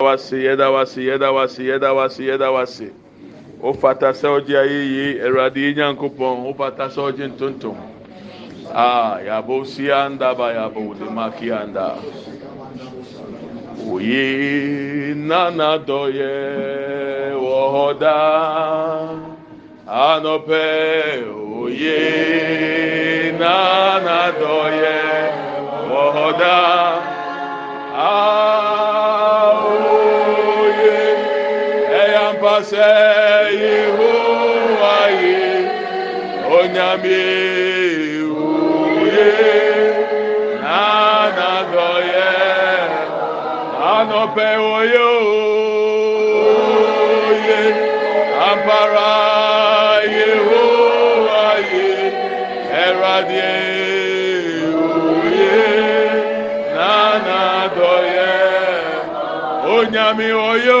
Wasi yɛda wasi yɛda wasi yɛda wasi yɛda wase wofata sɛ ɔgye ayɛyie awurade yɛ nyankopɔn wofata sɛ ɔgye ntontom a yɛabɔ si anda ba yɛabɔ wode maki anda oye nana dɔyɛ wɔ hɔ daa anɔpɛ oye nana dɔyɛ wɔ hɔ daa. syeoaye onyami uye nanadɔyɛ anɔpɛ woyeye apara ye oaye eradie ye nanadɔyɛ onyami oyo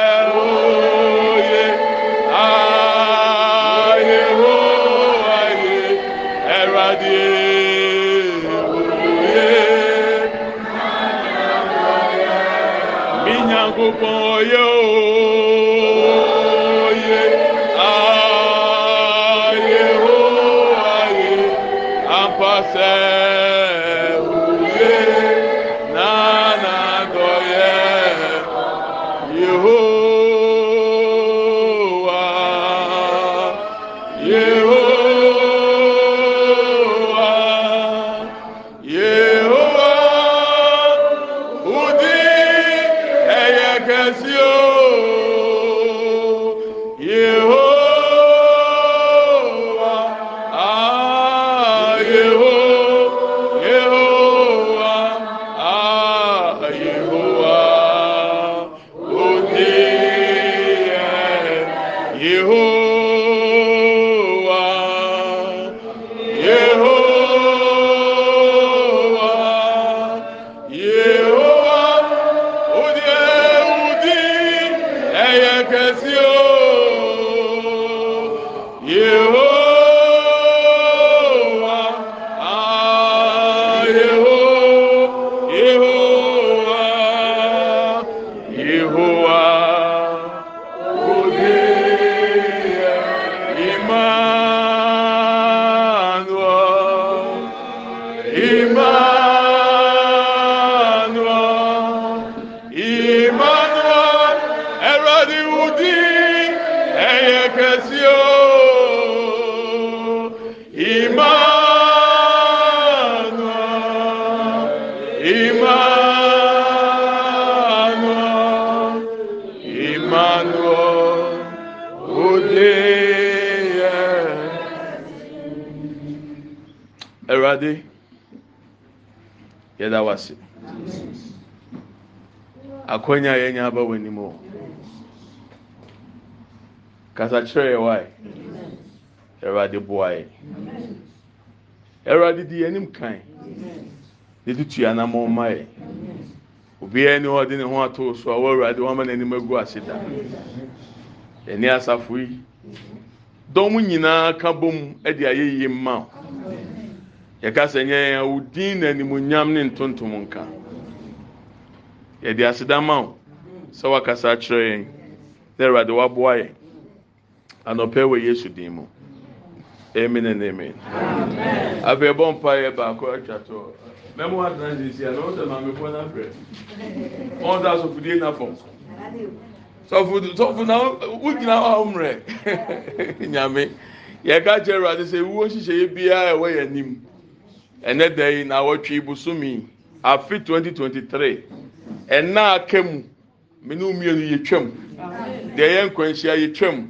For yo. Awurade yɛda wase akwanya a yɛnya aba w'anim o kasa kyerɛ yɛ wae Awurade boa yɛ Awurade di yɛn anim kan ne tutu anamɔ ma yɛ obiara ni hɔ de ne ho ato so a wɔawurade wɔn ama n'anim agu ase da yɛne asafo yi dɔm nyinaa ka bom de ayɛ yie mma o. yɛka sɛ nyɛ yɛn din na animuonyam ne ntontom nka yɛde aseda ma wo sɛ wakasa akyerɛ yɛn na awurade waboa yɛn anɔpɛ wɔ yesu din mu amen and amen afei ɛbɔ mpa yɛ baako atwa toɔ mɛmo atena nsisi a na ɔsɛ maamefoɔ no afrɛ ɔn sɛ asɔfodie na fam sɔfo sɔfo na wogyina hɔ a wommerɛ nyame yɛka kyerɛ awurade sɛ wuo nhyehyɛeɛ biara ɛwɔ yɛ anim ɛnɛ da yi na awɔtwe bosomi afi 2023 ɛna aka mu mene wo mmienu yɛ twam deɛ yɛ nkwanhyia yɛ twam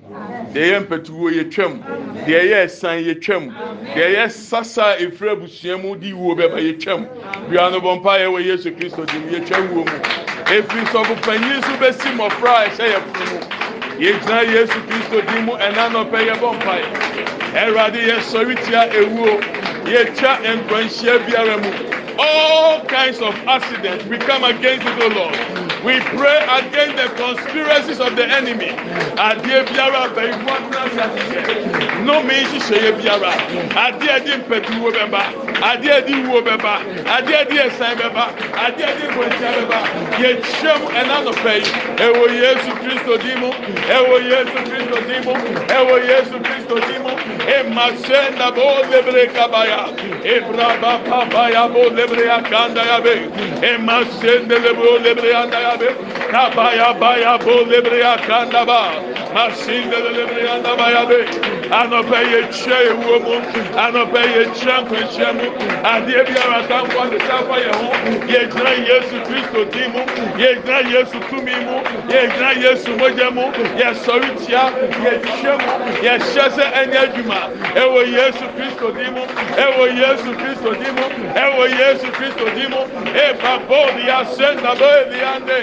deɛ yɛ mpɛtuwo yɛ twam deɛ yɛ ɛsan yɛ twam deɛ yɛ sasa efiri abusua mu di wo bɛba yɛ twam bia no bɔ mpa yɛ wɔ yesu kristo dim yɛ twam wo mu efiri sɔfo panyin so bɛsi mmɔfra a ɛhyɛ yɛ funu mu yɛgyina yesu kristo dim mu ɛna nɔpɛ yɛ bɔ mpa yɛ ɛwurade yɛ sɔre tia ewuo yɛkya nkwanhyia biara mu all kinds of accidents we come against it o lord we pray against the conspiracies of the enemy adeɛ biara abɛyifu atena ase ahyehyɛ nnome nhyehyɛeɛ biara adeɛ di mpɛtuwo bɛba adeɛ di wuo bɛba adeɛ di ɛsan bɛba adeɛ di nkwanhyia bɛba yɛkyia mu ɛnanɔpɛ yi ɛwɔ yesu. Kristo dimu, evo Jesu Kristo dimu, evo Jesu Kristo dimu, e masenda bo lebre kabaya, e braba papaya bo lebre akanda yabe, e masende lebo lebre anda yabe, kabaya baya bo lebre akanda ba, masinde lebre anda ba yabe, ano ye che wo ano anope ye champu chamu, adie bi ara tanko de tanko ye ho, ye gra Yesu Kristo dimu, ye gra Yesu tumi ye gra yesu mogya mu yɛsɔre tia yɛhyɛ mu yɛhyɛ sɛ ɛnyɛ adwuma ɛwɔ yesu kristo di mu ɛwɔ yesu kristo di mu ɛwɔ yesu kristo di mu eba boodi yasɛ nabɔ edi yande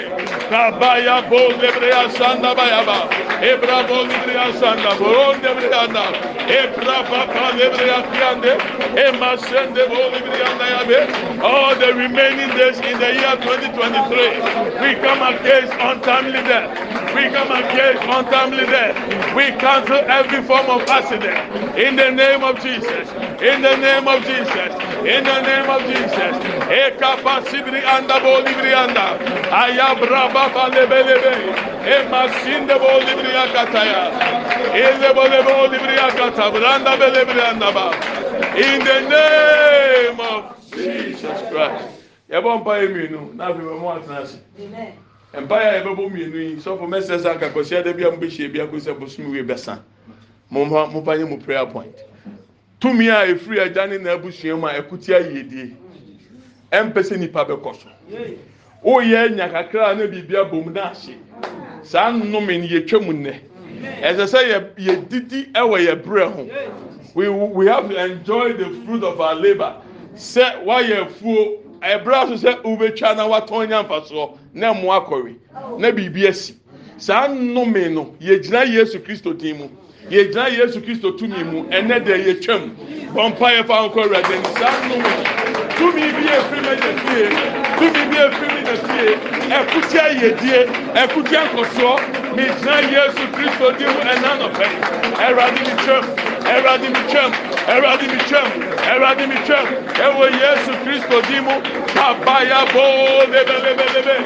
naba ya boodi ebere yasa naba yaba ebra boodi ebere yasa naba oronde ebere yanda ebra papa ebere yafiande ema sende boodi ebere yanda yabe all the remaining days in the year 2023 we come against untimely death. We come against untimely death. We cancel every form of accident. In the name of Jesus. In the name of Jesus. In the name of Jesus. Eka pasibri anda bolibri anda. Ayabra baba lebelebe. Ema sinde bolibri akataya. E Ele bolibri akata. Branda belebri anda ba. In the name of Jesus Christ. Yabon pa eminu. Na bi mo atnasi. Amen. mpaeɛ a yɛbɛbɔ mmienu yi sɔfo mɛsɛ sɛ akakɔhyia da bi a mobɛhyia bi akɔ sɛ bosom wie bɛsa momfa momfa nyɛ mu prayer point tumi a ɛfiri agya ne na abusua mu a ɛkote ayiedie ɛmpɛ sɛ nnipa bɛkɔ so woyɛ nya kakra a na biribi abom na ahye saa nnome no yɛtwa mu nnɛ ɛsɛ sɛ yɛdidi ɛwɔ yɛ berɛ ho we we have enjoyed the fruit of our labour sɛ woayɛ afuo ɛbrɛ so sɛ wobɛtwa na watɔn nya mfasoɔ na mmoa kɔre na biribi asi saa nnome no yɛgyina yesu kristo din mu yɛgyina yesu kristo tumi mu ɛnɛ dɛ yɛtwam bɔmpa yɛfa nkɔ awurade ni saa nnome tumi bi efiri mi na fie tumi bi efiri mi na fie ɛkutia yɛdie ɛkutia nkɔsoɔ megyina yesu kristo din mu ɛnɛ anɔpɛ ɛwurade mi twam ɛwurade mi twam. Eradi Micham, Eradi Micham, Ewo Yesu Kristo Dimu, Kabaya Bo, Lebe, Lebe, Lebe,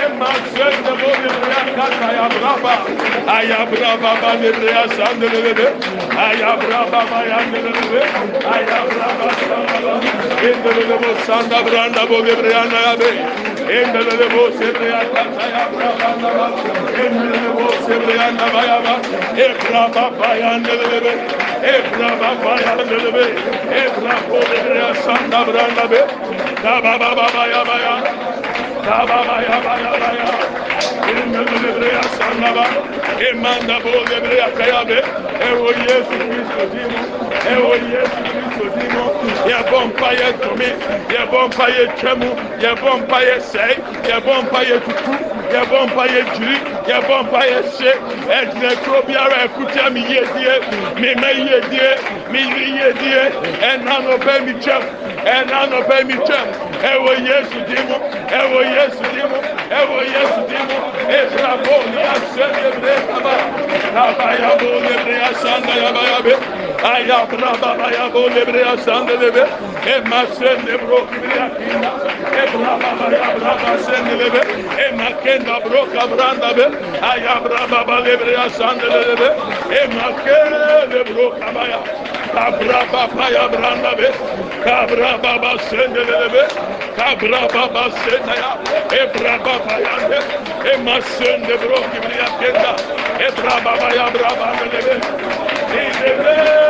Ema Zenda Bo, Lebrea Kata, Ayabraba, Ayabraba, Ba, Lebrea Sande, Lebe, Ayabraba, Ba, Yande, Lebe, Ayabraba, Sanda, Ba, Lebe, Sanda, Branda, Bo, Lebrea Nabe, Endele bo sebreya kataya braba naba. Endele bo sebreya naba yaba. Ebra baba yandele be. Ebra baba yandele be. Ebra bo sebreya sanda branda be. Da baba baba yaba ya. Emanda bo lebre akayabe, ewo Yesu Kristo dimo, ewo Yesu Kristo dimo, yɛbɔ mpa yɛ tumi, yɛbɔ mpa yɛ twɛmu, yɛbɔ mpa yɛ sɛɛ, yɛbɔ mpa yɛ tutu, yɛbɔ mpa yɛ jiri, yɛbɔ pa yɛ se, ɛdinɛ kuro biara ɛkutia mi yie die, mi mɛ yie die, mi yiri yie die, ɛnano bɛ mi twɛmu. ɛna anɔpɛ mi twɛm ɛwɔ yesu di mu yesu di mu yesu di mu efra bo ni asɛ kaba kaba yabo bebree yabe. Ayla braba baya bu lebre E masen de bro kibri E braba baya braba sen de E maken bro kabran da be. Aya braba de E maken bro kabaya. Kabra baba ya branda be. Kabra baba Kabra baba ya. E braba baya de. E masen de bro kibri E braba baya braba de lebe.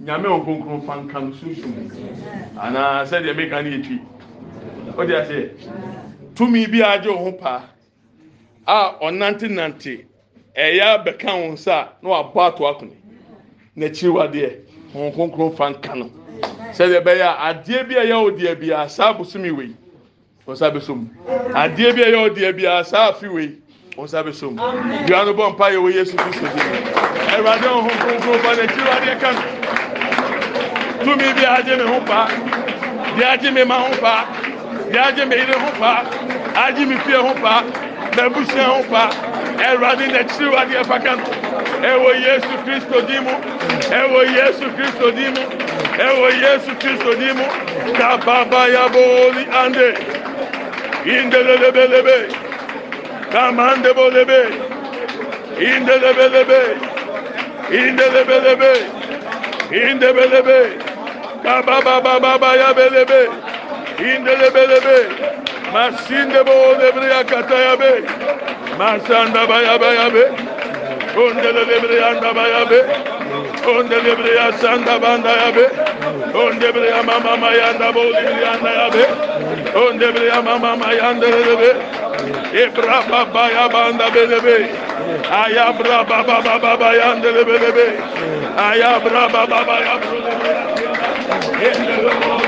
nyame wo nkonkron fa nka no sunsun anaa sɛdeɛ meka no yɛ twi wode aseɛ tumi bi agye wo ho paa a ɔnantenante ɛyɛ abɛka wo nsa na wabɔ ato akone n'akyiri wadeɛ wɔn nkonkron fa nka no sɛdeɛ ɛbɛyɛ a adeɛ bi a ɛyɛ wo deɛ a saa bosomi wei wɔn nsa bɛ so mu adeɛ bi a ɛyɛ wo deɛ biara saa afi wei wɔn nsa bɛ so mu dua no bɔ mpa yɛ wɔ yesu kristo di mu ɛwurade wɔn nkonkron fa n'akyiri wadeɛ ka tumi biyaje me hopa biyaje me ma hopa biyaje me ire humpa aji mi fie humpa hopa humpa ɛwurade n'akyiri wade ɛfa ka no ɛwɔ yesu kristo di mu ɛwɔ yesu kristo di mu ɛwɔ yesu kristo di mu kababayabooli ande indelelebelebe kamandebolebe indelebelebe indelebelebe indelebelebe. Kaba baba baba ya belebe. İndele belebe. Masinde bo devre ya kataya be. Masanda baya baya be. Ondele devre yanda baya be. Ondele devre ya sanda banda ya be. Onde bre ya mama mama yanda bo devre yanda ya be. Onde bre ya mama mama yanda be. Ebra baba ya banda belebe. Ayabra baba baba yanda belebe. Ayabra baba baba yanda belebe. Hep beraber.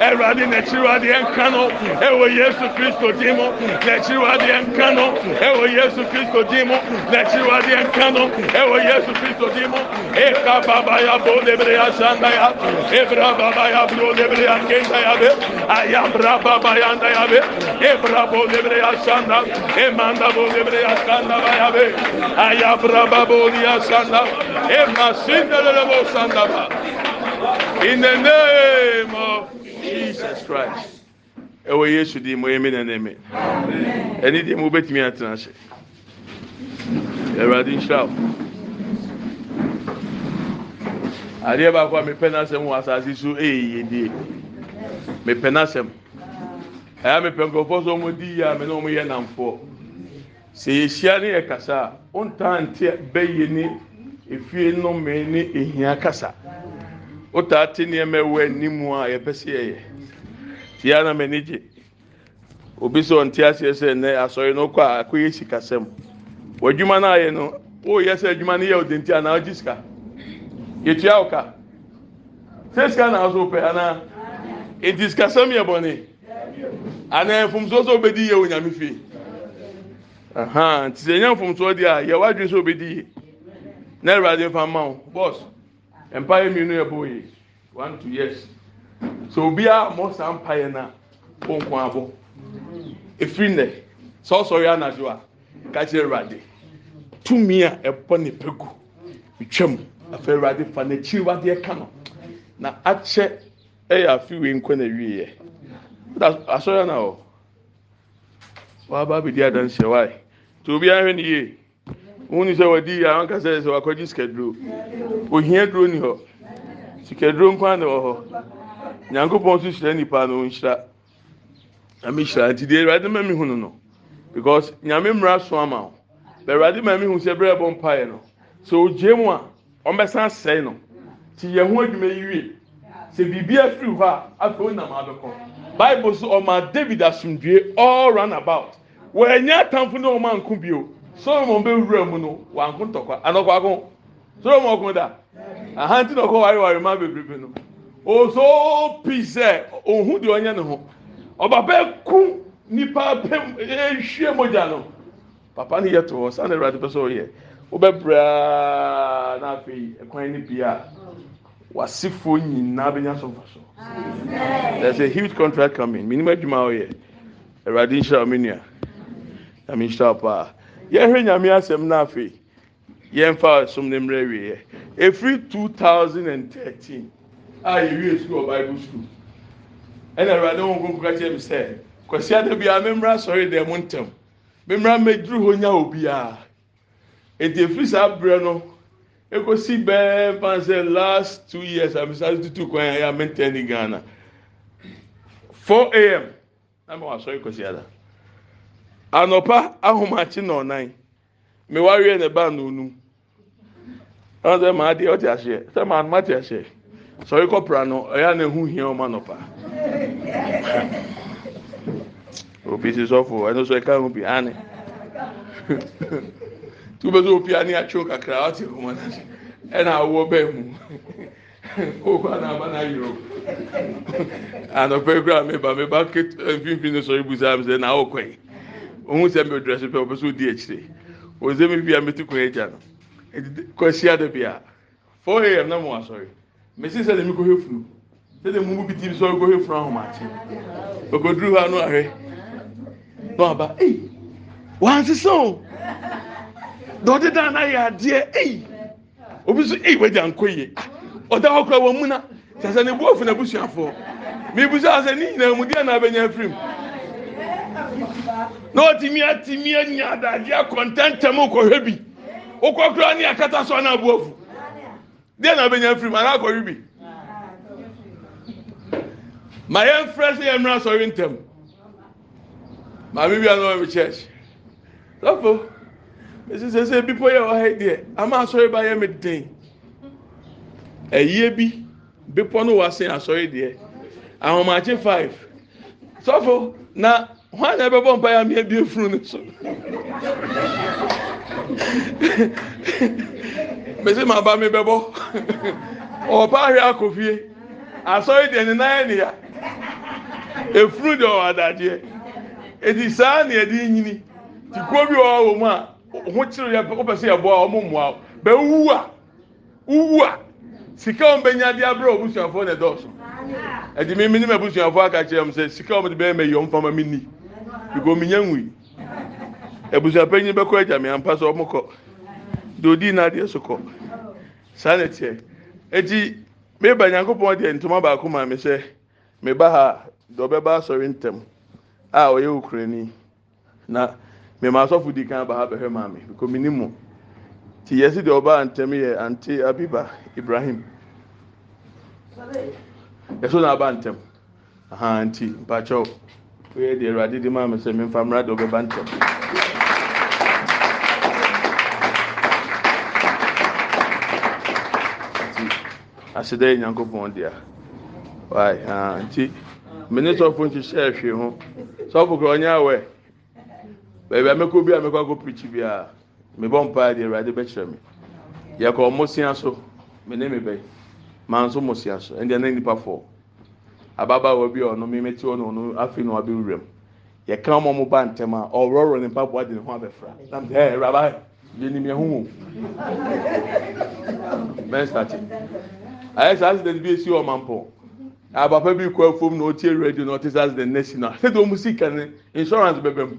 Awurade n'akyiri adeɛ nka Yesu Kristo din mu n'akyiri adeɛ Yesu Kristo din mu n'akyiri adeɛ Yesu Kristo din eka baba ya bo lebre ya sanda ya ebra baba ya bo lebre ya kenda ya be aya bra baba ya nda ya be ebra bo lebre ya sanda emanda bo lebre ya sanda ba ya be aya bra babo ya sanda emasinda le bo sanda ba In the name of jesus christ ɛwɔ yesu di mu emi na n'eme ɛni di mu betumi atena ase ɛwurade nhyira o adeɛ baako a mepɛ n'asɛm wɔ asase so ɛyɛ yiedie mepɛ n'asɛm ɛyà mepɛ nkurɔfoɔ so wɔn di yie a mɛ na wɔn yɛ namfoɔ sɛ yɛhyia ne yɛ kasa a wɔn ntante bɛyɛ ne efie nnɔmɛ ne ehia kasa wotaa te nneɛma ɛwɔ anim a yɛpɛ sɛ yɛyɛ tia na m'ani gye obi sɛ ɔnte aseɛ sɛ nnɛ asɔre no kɔ a akɔyɛ sikasɛm w'adwuma no ayɛ no woyɛ sɛ adwuma no yɛ ɔde nti anaa ɔgye sika yɛtua wo ka sɛ sika na aso pɛ anaa nti sikasɛm yɛ bɔne anaa mfomsoɔ sɛ wobɛdi yɛ wɔ nyame fie nti sɛ ɛnya mfomsoɔ deɛ a yɛwɔ adwene sɛ wobɛdi yɛ na awurade mfa ma wo bɔs mpaeɛ mmienu yɛ bɔɔ yi one two years so obiara mmɔ saa mpaeɛ na wɔn nko abɔ efiri nɛ sɔɔsɔɔ yɛ anadwo a kakyɛ awurade tumi a ɛbɔ ne pegu twam afɛ awurade fa n'akyiri wadeɛ ka no na akyɛ ɛyɛ afiwe nkɔ na wie yɛ asɔre na hɔ wɔaba abɛdi adansi ɛwae to obiara hwɛ ne yie wọn ni sɛ wɔdi yie àwọn kasa sɛ wakɔgye sikaduro ohia duro ni hɔ sikaduro nkwan na wɔ hɔ nyankopɔn nso hyira nipa na ɔnhyira nyame hyira nti deɛ awurade ma mi hu no no because nyame mmira so ama o bɛ awurade ma mi hu sɛ ɛbɛrɛ bɔ mpaeɛ no sɛ ogyee mu a wɔn bɛsan sɛɛ no ti yɛn ho adwuma yi wie sɛ biribi afiri hɔ a afei onam abɛkɔ bible so ɔma david asomdue all round about wɔn anya atamfo ne wɔn anko bio solomon bɛ wura mu no wanko ntɔkwa anɔkwako solomon ɔko da ahanti na ɔkɔ wareware ma bebrebe no oso pii sɛ ohun deɛ ɔnyɛ ne ho ɔba bɛ ku nipa pɛm e, ehwie mogya no papa no yɛ to hɔ sanni ɛwurade pɛ sɛ ɔyɛ wobɛbraa n'afei ɛkwan ne bia wasifoɔ nyinaa bɛnya so nfa so is a huge contract coming minimu adwuma ɔyɛ ɛwurade nhyira ɔmo nua ɛmi nhyira ɔpaa yɛhwɛ nyame asɛm no afei yɛmfa som ne mmerɛ wieɛ ɛfiri 2013 a yɛwie sukuu wɔ bible school ɛna awurade wɔn nkonko kakyɛ mi sɛ kwasi ada bi a mmemmra sɔre dɛm mu ntɛm mmemmra mmeduru hɔ nya obiara eti efiri saa abirɛ no ekosi bɛɛ fan sɛ last two years amisa tutu kwan yɛ a mentɛ ni ghana 4 am na ma wa sɔre kwasi ada. Anọpa ahomakye na ɔnan mewareɛ ne ba na onum ɛna sɛ maa deɛ ɔte aseɛ sɛ maa anoma te aseɛ sɔre kɔpra no ɛyɛ na ehu hia ọma nọpa. obi si sɔfo ɛno so ɛka ahụ bi anị. Tupu o bɛ sɛ opi anị atwi kakra ɔte ɔmo na se ɛna awo bɛɛ mu okwa na aba na yoro anɔpa ekura meba meba ket mfinfin sɔre busa mi sɛ na awɔ kwenye. ohun sɛ mi dress pɛ ɔpɛ so di akyire ɔsɛ mi bi a mi ti kɔ agya no kɔhyia de bia four a.m. na mo asɔre mesi sɛ de mi kɔ hɛ funu sɛ de mu bi ti bi sɔre kɔ hɛ funu ahomakye okoduru ha no ahwɛ na aba ee wansesa o dɔɔde dan na yɛ adeɛ ee obi so ee wagya nkɔ yie ah! ɔda hɔ kura wɔn mu na sasanibu ofunabusuafoɔ mibusa asɛ ne nyinaa mu deɛ na abɛnya afirim. na otumi atumi anya adagye akɔntɛntɛm kɔhwɛ bi wokɔ kura akata so ana abu afu na abɛnya firi mu ana akɔhwɛ ma ya fɛ sɛ yɛn mmerɛ asɔre ntɛm maame bi anɔ church lɔfo esi sese sɛ ya yɛ wɔ ha ama asɔre ba yɛ mi den ɛyie bi hwan na ɛbɛbɔ mpa ya mmea bi efunu ne so mbese ma ba mi bɛbɔ ɔpa ahwɛ akɔ fie asɔre deɛ ne nan ne ya efunu deɛ ɔwɔ adadeɛ eti saa ni yɛde nyini ti kuo bi ɔwɔ wɔn mu a ho kyerɛ yɛ ɔpɛ sɛ yɛbɔ a ɔmo mmoa bɛwu a uwu a sika wɔn bɛnya de abere ɔbusuafoɔ na ɛdɔɔso ɛdi mi mi ni mɛ busuafoɔ aka kyerɛ mu sɛ sika wɔn de bɛyɛ mɛ yɔn fama mi ni. because mi nya nwi ebusuapɛnyin bɛkɔ agya mi ampa so ɔmo kɔ deɛ odi so kɔ saa na teɛ eti meba nyankopɔn deɛ ntoma baako maa mi sɛ meba ha deɛ ɔbɛba asɔre ntɛm a ɔyɛ okurani na mema asɔfo di kan ba ha bɛhwɛ maa mi because mi ni mu ti yɛsi deɛ ɔbaa ntɛm yɛ ante abiba ibrahim yɛso na aba ntɛm ahanti nti mpakyɛw. woyɛ deɛ awurade de maa mi sɛ mi nfa mmara de ɔbɛba ntɛm. aseda yɛ nyankopɔn dea wae haa nti mene sɔfo nhyehyɛ ahwee ho sɔfo kora ɔnyɛ awɛ baabi a mɛkɔ bi a mɛkɔ akɔ pirikyi bi a mebɔ mpaa deɛ awurade bɛkyerɛ me yɛkɔ ɔmo sia so mene me bɛyi maa nso mo sia so ɛndeɛ na nipa fɔɔ ababaawa bi a ɔno mímí te hɔ na ɔno afei na ɔbɛ wura mu yɛka wɔn mo ba ntɛm a ɔwɔrɔ ne mpaboa de ne ho abɛfra nam sɛ ɛɛ raba yɛ nim yɛ ho mu mɛn sati ayɛ sɛ accident bi esi ɔman pɔn abapa bi kɔ efom na ɔte radio na ɔte sɛ accident n'esi na sɛ de ɔmo si kan ne insurance bɛbɛ mu.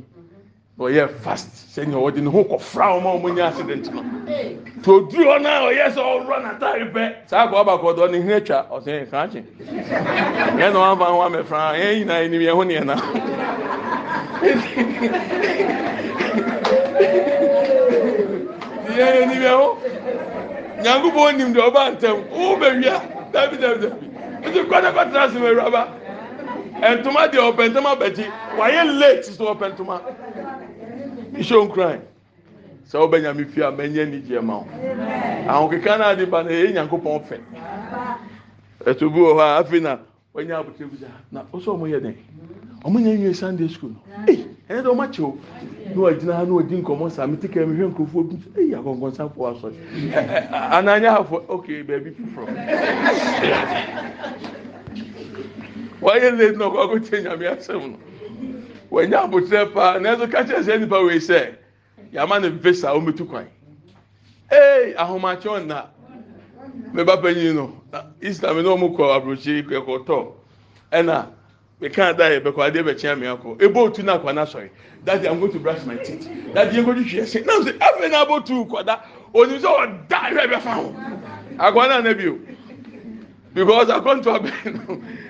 ɔyɛ fast sɛnea ɔde ne ho kɔfra ɔma ɔmo nyɛ accident no to oduru hɔ naa ɔyɛ sɛ ɔwura n'ataare pɛ saa akɔ ɔba kɔdɔ ne hin atwa ɔsɛn kankye yɛn na wɔn afa ho amɛfra yɛn nyinaa enim yɛn ho ne yɛn na yɛn enim yɛn ho nyankubɔ onim deɛ ɔba ntɛm ɔbɛ wia dabi dabi dabi ɛti kɔdɛ kɔtara sɛ ɛwuraba. ntoma di ɔpɛ ntoma bɛgye waye late to ɔpɛ ntoma nhyɛ nkran sɛ ɔbɛ nyame fie a mɛnyɛ ni ma wo ahokeka no ade ba no ɛyɛ nyankopɔn fɛ ɛto bi wɔ na wanya abotire bi na o sɛ ɔmo yɛ dɛ ɔmo nyɛ nwie sunday school no ee ɛyɛ dɛ ha na mi mi bi ee wɔayɛ late uh, na ɔkɔ akɔtie nyame asɛm no wɔanya abotire paa nanso ka kyerɛ sɛ nipa wei sɛ yɛama ne visa ɔmmɛtu kwan ee ahomakyɛ ɔnna meba panyin no islam ne ɔmo kɔ aburokyi kɔtɔ ɛna mekan da yɛ bɛkɔ adeɛ bɛkyɛn mi akɔ ebo otu na akɔ na sɔre dadi i'm going to brush my teeth dadi yɛn kojú na tu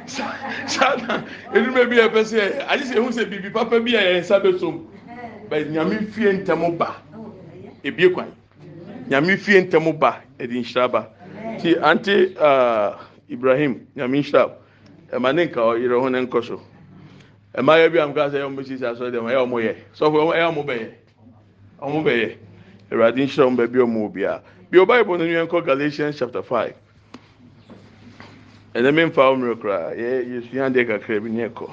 saa na enum bi a ɛpɛ sɛ ɛyɛ agye sɛ ehu sɛ biribi papa bi a ɛyɛ nsa bɛtɔ mu bɛyɛ nyame fie ntɛm ba ebie kwan nyame fie ntɛm ba ɛde nhyira ba ti ante uh, ibrahim nyame nhyira ɛma ne nka ɔyere ho ne nkɔ so mmayewa bi a nka sɛ ɛyɛ wɔn sisi asɔrɔ dɛm ɛyɛ wɔn yɛ sɔfo ɛyɛ wɔn bɛyɛ wɔn bɛyɛ awurade nhyira wɔn baabi wɔn wɔ bi ɔbaa yɛ ne nua nkɔ galatians chapter five. ɛnna mi nfa wɔn mmerɛ koraa yɛ yɛsua adeɛ kakra bi ne ɛkɔ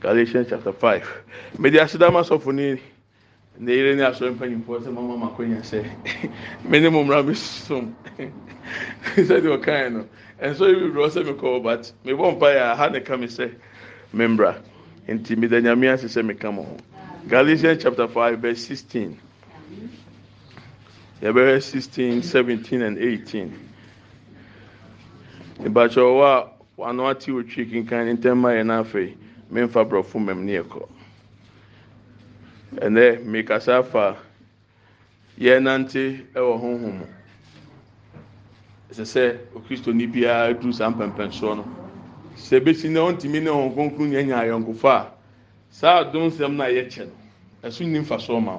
galatians chapter five mmedi asedama sɔfo ni ne yere ne asɔrɔ mpanyinfoɔ sɛ mama mako nya sɛ me ne mo mmira mi som sɛdeɛ ɔkan no ɛnso ebi wura sɛ mi kɔ but mi bɔ mpa yɛ aha ne ka mi sɛ mi mmira nti mi da nyame ase sɛ mi ka mo ho galatians chapter five verse sixteen yɛbɛhwɛ sixteen seventeen and eighteen. mpakyɛ ɔwɔ a wano ate ti kinkan ne ntɛm ayɛ n'afɛ mmefa borɔfo mɛm ne ɛkɔ ɛnɛ mmekasa fa yɛn nante ɛwɔ honhom ɛsɛ sɛ okristoni biara duru saa mpɛmpɛnsoɔ no sɛ ebesi na ɔntumi ne wɔn kronkron yɛn nya ayɔnkofa a saa adum nsɛm na yɛkyɛ no ɛso nni mfasoɔ ma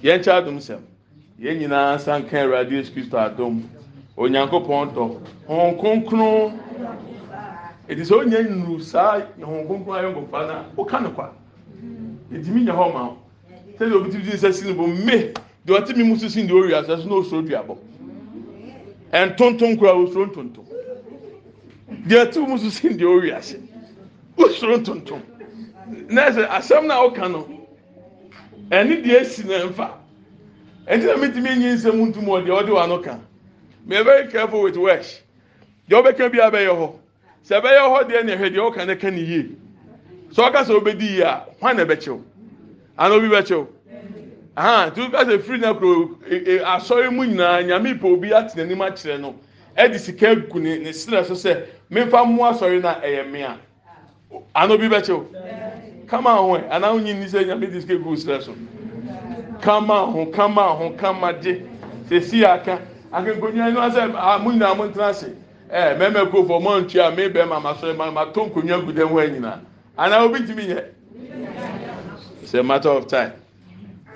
yɛn kyɛ adum nsɛm yɛn nyinaa sankan awurade yesu kristo adum. onyankopɔn dɔ hɔn kronkron eti sɛ onye nuru saa hɔn kronkron ayɛ nkɔfa na ɔka no kwa edimi nya hɔ ma o sɛde obi ti di sɛ sinibo mme deɛ ɔte mi mu sisi deɛ ɔwia sɛ so na osoro duabɔ ɛntonton kura osoro ntonton deɛ ɔte mu sisi deɛ ɔwia sɛ osoro ntonton nɛɛsɛ asɛm na ɔka no ɛne deɛ esi na nfa ɛti na mi ti mi nye nsɛm ntum wɔ deɛ ɔde wa no ka may very careful with words deɛ ɔbɛka bi abɛyɛ hɔ sɛ ɛbɛyɛ hɔ deɛ na ɛhwɛ deɛ ɔka ne ka ne yie sɛ ɔka sɛ ɔbɛdi yie a hwan na ɛbɛkyɛw ana obi bɛkyɛw ahan tí o ka sɛ firi na kuro asɔre mu nyinaa nyame ipa obi atena anim akyerɛ no ɛde sika egu ne ne sira so sɛ mefa mu asɔre na ɛyɛ mmea ana obi bɛkyɛw kama ahoɛ ana ahoɛ nyi ni sɛ nyame de sika egu sira so kama ahoɛ kama ahoɛ kama de sɛ si aka akenkonya yi n'asɛ a mu nyinaa mu ntena ase ɛɛ mɛmɛ ko fɔ mɔ ntua mi bɛrima ma sɔrɔ ma ma to nkonya gu dɛm hɔ nyinaa ana obi tumi yɛ it's a matter of time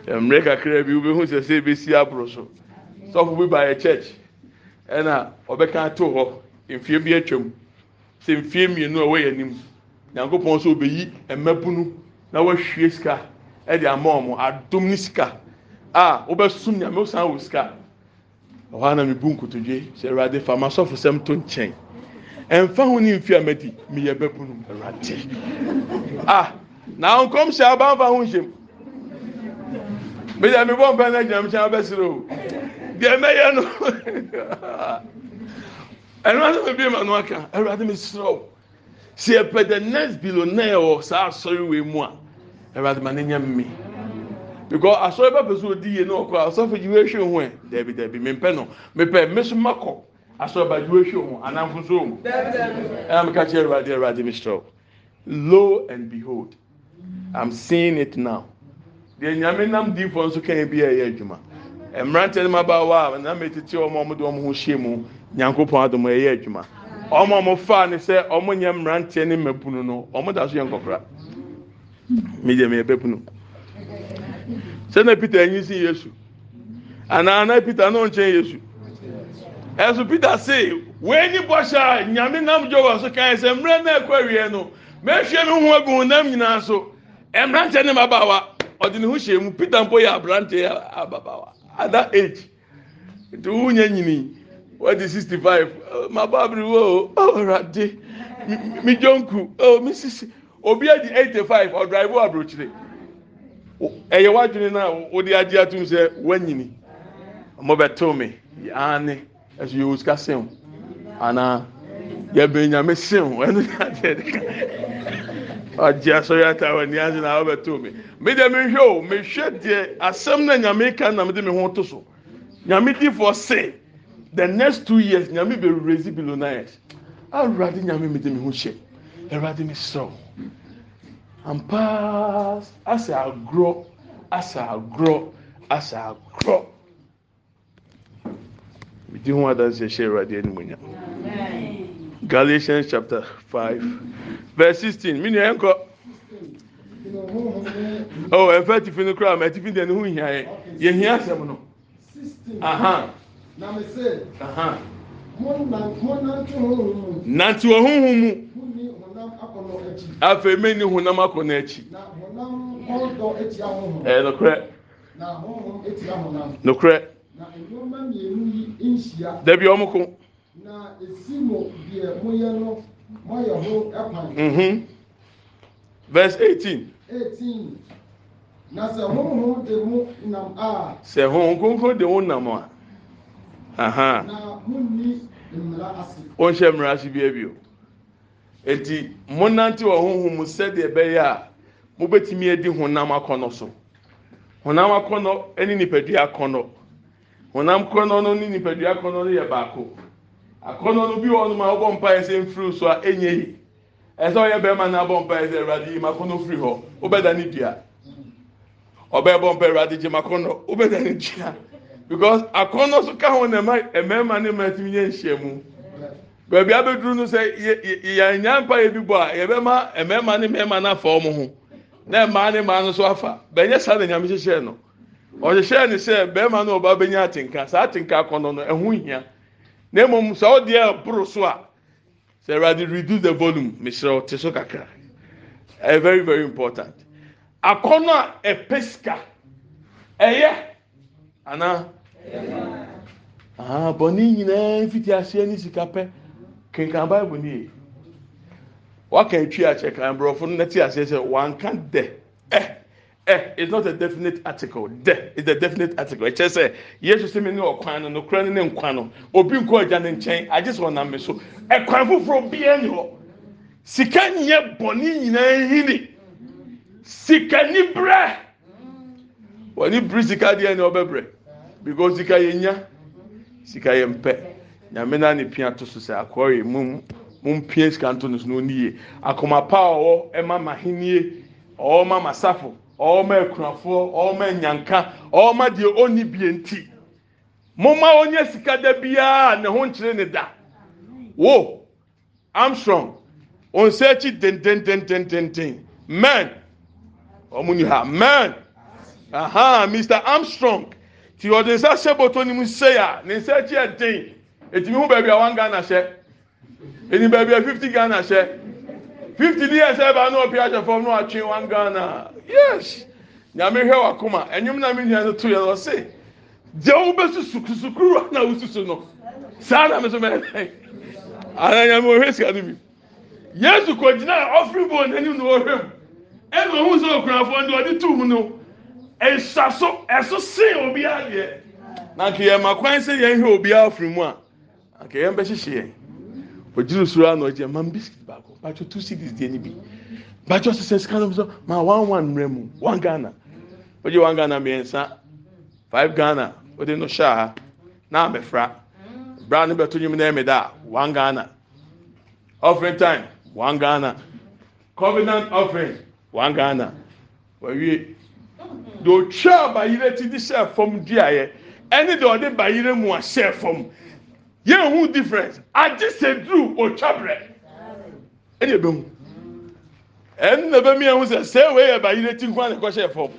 eh, mmerɛ kakra bi obi hu sɛ sɛ ebi si aburo so sɔfo bi ba yɛ church ɛna ɔbɛka to hɔ mfie bi atwam sɛ mfie mmienu a wɔyɛ anim nyankopɔn sɛ ɔbɛyi mmabunu na wahwie sika ɛde ama wɔn adum ne sika a ah, wɔbɛsum nyame osan wɔ sika ɔhɔ ana mi bu nkotodwe sɛ awurade fama sɔfo sɛm to nkyɛn ɛnfa ho ni nfi amadi miyɛ bɛ bunu awurade ah na nkɔm hyɛ abanfa ho nhyɛm bɛyɛ mi bɔ mpɛn na gyina mi kyɛn abɛsirɛ o deɛ mɛyɛ no ɛnu ase mi bi ma no aka awurade mi srɛ o si ɛpɛ the next billionaire wɔ saa asɔre wei mu a awurade ma ne nya mi because asɔre bɛ pɛsɛ odi yie no ɔkɔ asɔfo yi wo ehwɛ ho ɛ dɛbi dɛbi mepɛ no mepɛ mesoma kɔ asɔre ba yi wo ehwɛ ho ananfo so mu ɛna mi ka kyerɛ ɛwurade ɛwurade mi srɛ lo and behold i'm seeing it now deɛ nyame nam diifo nso kɛn bi a ɛyɛ adwuma mmeranteɛ ne mmabaawa a nam etiti wɔn a wɔn de wɔn ho hyɛ mu nyankopɔn adomo ɛyɛ adwuma wɔn a wɔfaa ne sɛ wɔn nyɛ mmeranteɛ ne mmabunu no wɔn da so yɛ nkɔkora mi deɛ mi yɛ bɛbunu sɛ na peter anyi si yesu ana na peter no nkyɛn yesu ɛso peter se wɛni bɔhyɛ a nyame nam gye wɔ so kan sɛ mmerɛ na ɛkɔ awie no mɛhwɛ mi ho agu nam nyinaa so mmeranteɛ ne mmabaawa ɔde ne ho hyɛ mu peter mpo yɛ aberanteɛ ababaawa ada age nti wo nya nyini wɔde sixty five oh, mabaabiri wo o ɔwurade oh, mi jonku o oh, mi sisi obi adi eighty five ɔdraivo aburokyire ɛyɛ w'adwene na wòde agye atum sɛ w'anyini mɔbɛto mi yaani ɛso yɛ osika sɛn ana yɛbɛn nyame sɛn ɛnu yɛ adeɛ de ka ɔgye asɔre ata wɔ ni ase na ɔbɛto mi mi deɛ mi hwɛ o mi hwɛ deɛ asɛm na nyame ka na mi de mi ho to so nyame di fɔ se the next two years nyame bɛ raise below awurade nyame mi de mi ho hyɛ awurade mi sɔrɔ ampaa asɛ agorɔ asɛ agorɔ asɛ agorɔ di ho adansi ɛhyɛ awurade animuonyam galatians chapter five verse sixteen mi nua ɛnkɔ ɔwɔ ɛfɛ tifi no kura ɔmɛ tifi deɛ ne ho hia yɛ yɛ hia asɛm no ahan nante wɔ huhu mu afei meni honam akɔ n'akyi ɛɛ nokorɛ nokorɛ dabi ɔmo ko na no mo ayɛ ho verse eighteen. eighteen na sɛ honhom de mo nam a. sɛ honhom kunkun de mo nam a. na mo ni mmira ase. o n ṣe mmira ase bi ebi o. eti mmonante ọhụhụ honhom mu ebe ya a betumi edi hụnam akɔnɔ so Hụnam akɔnɔ ne nipadua akɔnɔ Hụnam kɔnɔ no ne nipadua akɔnɔ no yɛ baako akɔnɔ no bi wɔ no ma wɔbɔ mpaeɛ sɛ mfiri so a ɛnyɛ yi ɛsɛ ɔyɛ bɛrima na abɔ mpaeɛ sɛ awurade yi makɔnɔ firi hɔ wobɛda ne dua ɔbɛbɔ mpaeɛ awurade gye makɔnɔ wobɛda ne dua because akɔnɔ so ka ho na ɛmɛɛma ne mmaa nye yɛ nhyia baabi abɛduru no sɛ yɛanya mpa yɛ bi bɔ a yɛbɛma mmarima ne mmarima no afa ho na mmaa ne mmaa no nso afa bɛnyɛ saa na nyame hyehyɛ no ɔhyehyɛ ne sɛ barima no ɔbaa bɛnya atenka saa atenka akɔnɔ no ɛho hia na mmom saa ɔdeɛ ɛboro so a sɛ ɛwurade reduce the volume mehyerɛ ɔte so kakra ɛyɛ very very important akɔnɔ a ɛpɛ sika ɛyɛ anaa aha bɔnne nyinaa fiti aseɛ ne sika pɛ kenkan bible ni yɛ waka etwi akyɛ kan borɔfo no nati aseɛ sɛ wanka dɛ ɛ ɛ it's not a definite article dɛ it's a definite article ɛkyɛ e sɛ yesu sɛ mi ne ɔkwan no no kura ne ne no obi nkɔ agya ne nkyɛn agye sɛ ɔnam mi so ɛkwan foforɔ biara ni hɔ sika nyɛ bɔnne nyinaa hini sika ni brɛ wɔn ni biri sika deɛ ni ɔbɛ brɛ e because sika yɛ nya sika yɛ mpɛ nyame ni pia to so sɛ akɔre mu mu mpia sika nto no so na oni yie akoma pa a ɔwɔ ɛma ma henie ɔwɔ ma safo ɔwɔ ma ekurafoɔ nyanka ɔwɔ ma deɛ oni bie nti moma onye sika da biara ne ho nkyerɛ ne da wo armstrong onse akyi dendendendendenden men wɔn ni ha men aha mr armstrong ti ɔde nsa hyɛ bɔtɔ ne mu nse ne nsa akyi yɛ ɛtumi hu baabi a one ghana hyɛ ɛni baabi a fifty ghana hyɛ fifty ni ɛsɛ ɛbaa na ɔpi ahyɛ fam na ɔatwe one ghana yes nyame wa kuma. ɛnyom na mi nyina tu yɛ no ɔse deɛ wo bɛ susukuru na wo susu no saa na mi so mɛ ɛdɛn ana nyame ɔhwɛ sika no bi yesu kò gyina ɔfiri bɔ n'anim na ɔhwɛ mu ɛna ɔhun sɛ ɔkunafoɔ ndi ɔde tum no ɛsa so ɛso sen obiara deɛ na nka yɛn ma kwan sɛ yɛn hwɛ obiara firi mu a anka yɛn bɛ hyehyɛ yɛn ogyiri soro ano ɔgyina mam biscuit baako bàtwɛ two cities deɛ ni bi bàtwɛ sɛsɛ sika no so ma one one mmerɛ mu one ghana ɔgye one ghana mmiɛnsa five ghana ɔde no hyɛ ha na abɛfra bra no bɛto nwom na ɛmɛ da one ghana offering time one ghana covenant offering one ghana wɔwie deɛ otwa abayire ti de hyɛ fam duayɛ ɛne deɛ ɔde bayire mu ahyɛ fam. yẹn hu difference agye sèdúró otwa brẹ ẹni ebe hu ẹni na ebe mi ẹhu sẹ sẹ wei ẹba yi ti nkwa na ẹkọ fọm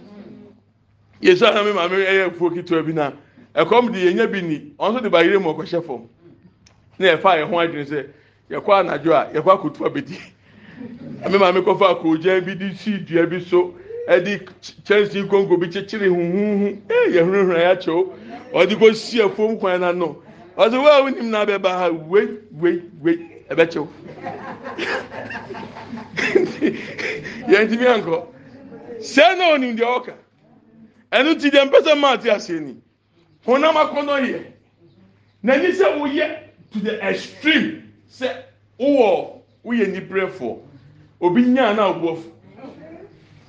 yesu mi maame bi na ẹkọm di yẹnyẹ bi ni wọn nso de ba yire mu fọm na ẹfa yẹ ho adwene sẹ anadwo a ẹmi maame bi di si dua bi so ɛdi kyɛnsee konko bi kyekyere huhuhu ee yɛ hurahura yɛ si kwan na ɔsɛ wo a wonim na bɛba ha wei wei wei ɛbɛkyew yɛntumi ankɔ sɛ na onim deɛ ɔka ɛno ti deɛ mpɛsɛ maa te aseɛ ni honam akɔnɔ yɛ n'ani sɛ woyɛ to the extreme sɛ wowɔ woyɛ nibrɛfoɔ obi nyaa na aboɔfo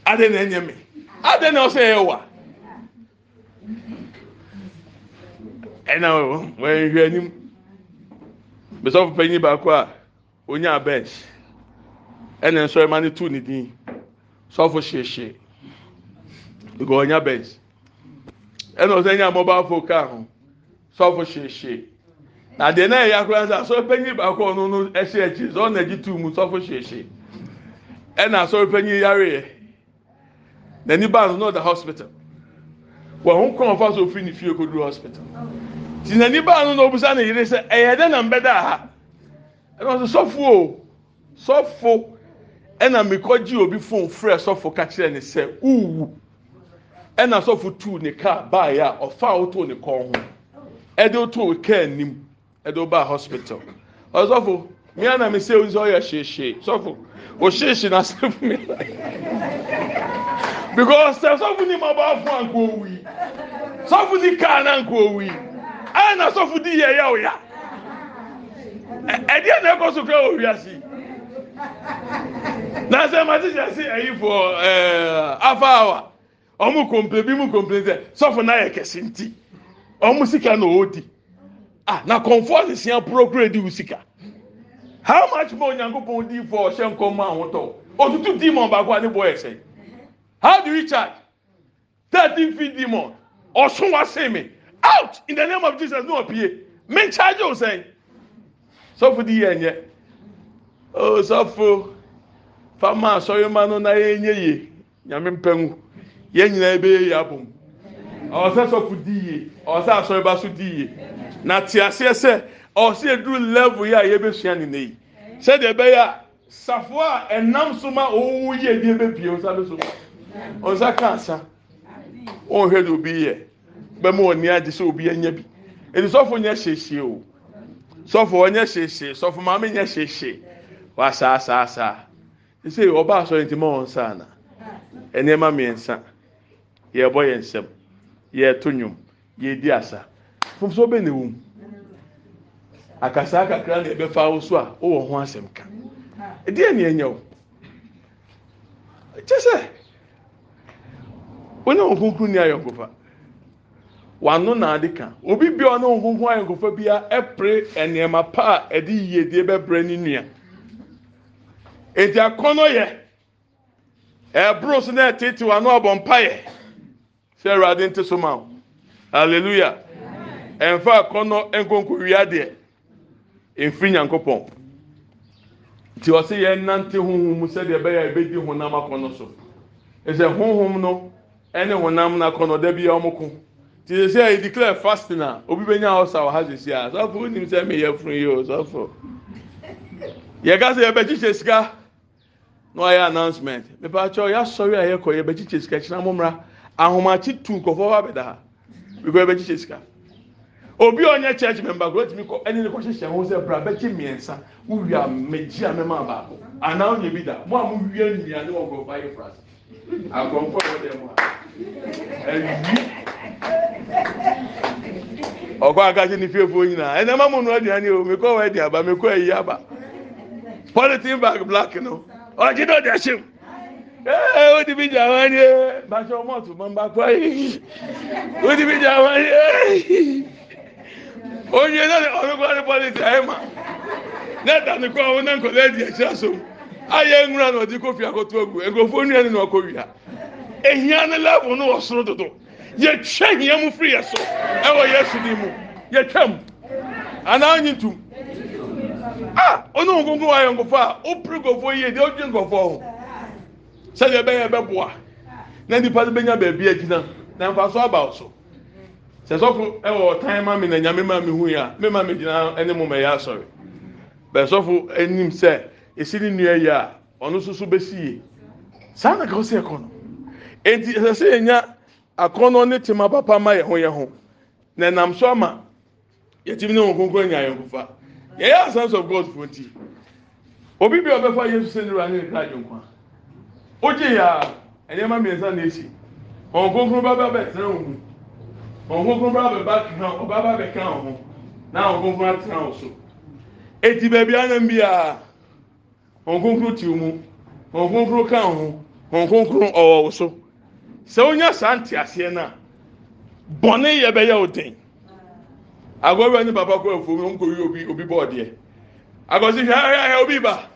adɛ na ɛnyɛ me adɛ na ɔsɛ ɛyɛ wa. ɛna wɔnhwɛ anim bɛsɔfo panyin baako a onya bench ɛna nsɔre ma ne tu ne din sɔfo hyehyɛ nga onya bench ɛna ɔsɛ nya mobile phone car ho sɔfo hyehyɛ na deɛ na ɛyɛ akora sɛ asɔre panyin baako ɔno no ɛhyɛ akyi sɛ ɔna gye tu mu sɔfo hyehyɛ ɛna asɔre panyin yareɛ n'ani baa no na ɔda hospital wɔn ho kɔn fa so fi ne fie koduru hospital. Oh nti na nipa ano na obusa ne yere sɛ ɛyɛ dɛ na mbɛda ha ɛna ɔsɛ sɔfo o sɔfo ɛna mekɔgye obi fon frɛ sɔfo kakyerɛ ne sɛ uwu ɛna sɔfo tuu ne kaa baayɛ a ɔfa a ne kɔn ho ɛde wotoo kaa nim ɛde woba hospital ɔsɔfo mia na mi se o sɛ ɔyɛ hyehyee sɔfo o hyehyee na se fun mi because sɛ sɔfo ni ma ba fún anko owi sɔfo ni kaa na anko owi. ɛyɛ na sɔfo di yɛ yɛ ɔya ɛdeɛ na ɛkɔ so kura wɔ na sɛ ma ti sɛ si ɛyi fɔ ɛɛ afa awa ɔmo komple bi mu komple sɛ sɔfo na yɛ kɛse nti ɔmo sika na ɔɔdi ah na kɔnfɔ sisia purokure di o sika how much more nyankopɔn di fɔ ɔhyɛ nkɔm mu ahotɔ otutu demon baako a ne bɔ ɛsɛ how do you charge thirteen feet ɔsun wa se mi. out in the name of jesus ní òpie mi n charge o sẹ́yìn sọ́fù di yẹ ẹ̀yẹ o sọ́fù fama asọ́yọ́mà no na yẹ ẹ̀yẹ yẹ nyàmé mpẹ́ngu yẹ nyinaa ebe yẹ yẹ abom ọ̀sẹ̀ so for the ọ̀sẹ̀ oh, so so so di yẹ na te aseɛ sɛ ɔsi eduru level yi a yɛbɛsua ne yi sɛdeɛ ɛbɛyɛ a safo a ɛnam e, so ma owu yie bi ebebie nsa bi so nsa ka asa ɔnhwɛ de obi yɛ. bɛma wɔn ani agye sɛ obi anya bi edi sɔfo nyɛ hyehyɛ o sɔfo ɔnyɛ hyehyɛ sɔfo maame nyɛ hyehyɛ wasaasaasa sise ɔba asɔre ntoma wɔn nsa ana nneɛma mmiɛnsa yɛbɔ yɛn nsam yɛto nnwom yɛdi asa fomso bɛ na wɔm akasa kakra na fa ahosuo a ɔwɔ ho asɛm ka ɛdeɛ na ɛnyɛ o kyɛ sɛ wɔn a wɔn kunkun ni ayɔ nkofa. wano na adi ka obi bi bia ɔne ohunhun ayɛ bi bia ɛpere nneɛma pa a ɛde yiedie bɛbrɛ ne nua eti akɔnɔ yɛ ɛboro e so na ɛtete wano ɔbɔ mpa yɛ sɛ ɛwurade nti so ma o hallelujah ɛnfa akɔnɔ nkonko wia deɛ nfiri nyanko pɔn ti ɔsi yɛ nante honhom mu sɛdeɛ ɛbɛyɛ ɛbɛdi e honam akɔnɔ so ɛsɛ e honhom no ɛne honam no akɔnɔ dɛbi yɛ ɔmo ko. ti sɛ sɛ yɛ declare fasting a obi bɛ nya ɔsa wɔ ha sisi a sɔfo onim sɛ mi yɛ funu yi o sɔfo yɛ ka sɛ yɛ bɛ kyikyɛ sika na ɔyɛ announcement mipatsɔ yɛ asɔre a yɛ kɔ yɛ bɛ kyikyɛ sika kyerɛ amomra ahomakye tu nkɔfɔ wa bɛ da ha bikɔ yɛ bɛ sika obi ɔnyɛ church member kuro tumi kɔ ɛne ne kɔ hyehyɛ ho sɛ bra bɛkye mmiɛnsa wuwia mɛgye a mɛma baako anaa onye bi da mo a mo wia nnuane wɔ nkɔfɔ ayɛ fura agɔnkɔ ọkọ akásí ní fífi oyin náà na má múnú ẹdì ẹni o mẹkọ ẹdì aba, mẹkọ ẹyí aba. politin bag black nù ọjí náà mu ee ó ti ee bàtà ọmọ tó máa ń bá pa yìí ó ti fi jà wọn ee oyin politin ni náà mu ayé ọdí kófì ogun yɛtwa hia mu firi yɛ so ɛwɔ yesu din mu yɛtwam anaa nyi ntum a ɔne wo nkonko wayɛ nkɔfo a wopere nkɔfoɔ yie deɛ wodwe nkɔfoɔ ho sɛdeɛ ɛbɛyɛ ɛbɛboa na nipa no bɛnya baabi agyina na mfa so aba so sɛ sɔfo ɛwɔ ɔtan ma mi na nyame ma mi hu yi a me mi gyina ɛne mo ma yɛ asɔre bɛn sɔfo anim sɛ esi ne nua yi a ɔno nso so bɛsi yie saa na ka ɔsi ɛkɔ no eti sɛ sɛ yɛnya. akɔnɔ ne tema papa ma yɛn ho ho na nam so ama yɛtumi ne wɔn konko nya yɛyɛ of god ti obi bi a ɔbɛfa yesu ne ya nneɛma mmiɛnsa na esi wɔn konko ba ba bɛtena wɔn mu wɔn ba ba na atena so eti beebi anam bi a ti mu ka ho sɛ wonya saa nteaseɛ no a bɔne yɛ bɛyɛ wo den agɔwura ne papa kɔ afuom no obi obi bɔɔdeɛ agɔsi hwɛ obi ba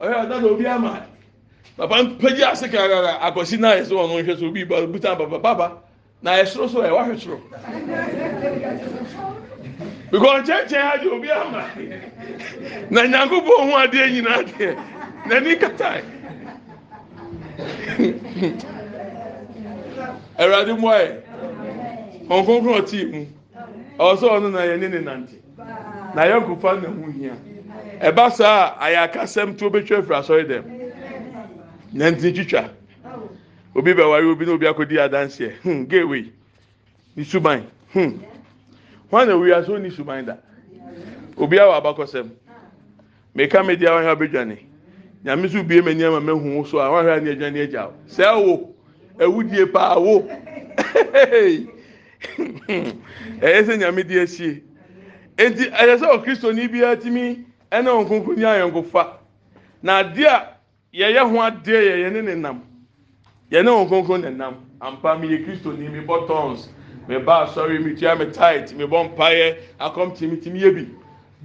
obi ama papa mpagye ase kakaka agɔsi na ayɛ sɛ obi ba buta papa na ayɛ soro so ɛwɔ ahwɛ soro because nkyɛnkyɛn obi ama na adeɛ nyinaa deɛ awurade mmoa yɛ ɔnkonkron ɔtii mu ɔsɛ ɔno na yɛ ne ne nante na yɛ nkofa na ehu hia ɛba saa a ayɛ akasɛm to obetwa efiri asɔre dɛm nantini twitwa obi bɛwari obi na obi akɔdi adanseɛ hmm gateway ni suban hmm wɔn na wia so ni suban da obi awɔ abakɔsɛm mɛka mi di awon ha obedwane nyame so bie mɛ nneɛma mɛ hu so a wɔn ahwɛ ani adwane agya o sɛ wo. awudie paa wo ɛyɛ sɛ nyame de ahyie enti ɛyɛ sɛ ɔkristoni biara tumi ɛne ɔnkonko ne ayɔnkofa na adeɛ a yɛyɛ ho adeɛ yɛ yɛne ne nam yɛne ɔnkonko ne nam ampa meyɛ kristoni mebɔ tons meba asɔre metua me tit mebɔ mpaeɛ akɔmtimi timi yɛ bi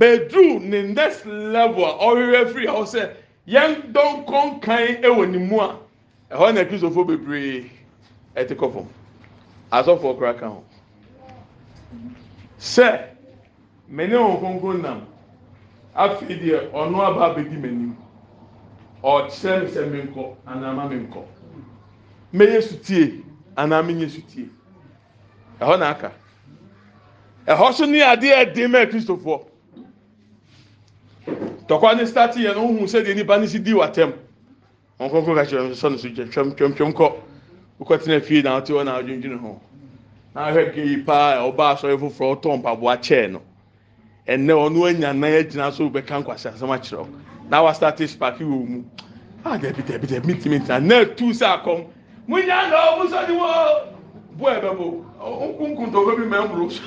bɛduru ne next level a ɔwerɛ firi hɔ sɛ yɛn dɔnkɔnkan ɛwɔ ne mu a ɛhɔ na kristofoɔ bebree ɛte kɔ fam asɔfoɔ kora ka ho sɛ ne wɔn konko nam afei deɛ ɔno aba abɛdi m'anim ɔkyerɛ mi sɛ menkɔ anaa ma menkɔ mɛyɛ sutie anaa menyɛ sutie ɛhɔ na aka ɛhɔ so ne adeɛ ɛden mɛ kristofoɔ tɔkwa ne stati yɛn no ohun sɛ deɛ nipa ne si di wa tɛm wɔn kɔnkɔn ka kyerɛ sɔn so gya twɛm twɛm twɛm kɔ wokɔtena fie na ɔte hɔ na adwendwene ho na ahwɛ geyi paa ɔba asɔre foforɔ ɔtɔn mpaboa kyɛɛ no ɛnɛ ɔno anya nan agyina so bɛka nkwasi asɛm akyerɛ na wasate spaki wɔ mu a dɛbi dɛbi dɛbi mi ti mi ti na na etu sɛ akɔm mu nya na ɔmu sɔni wɔ bo ɛbɛ bo nkunkun tɔ bɛbi mɛ mburo so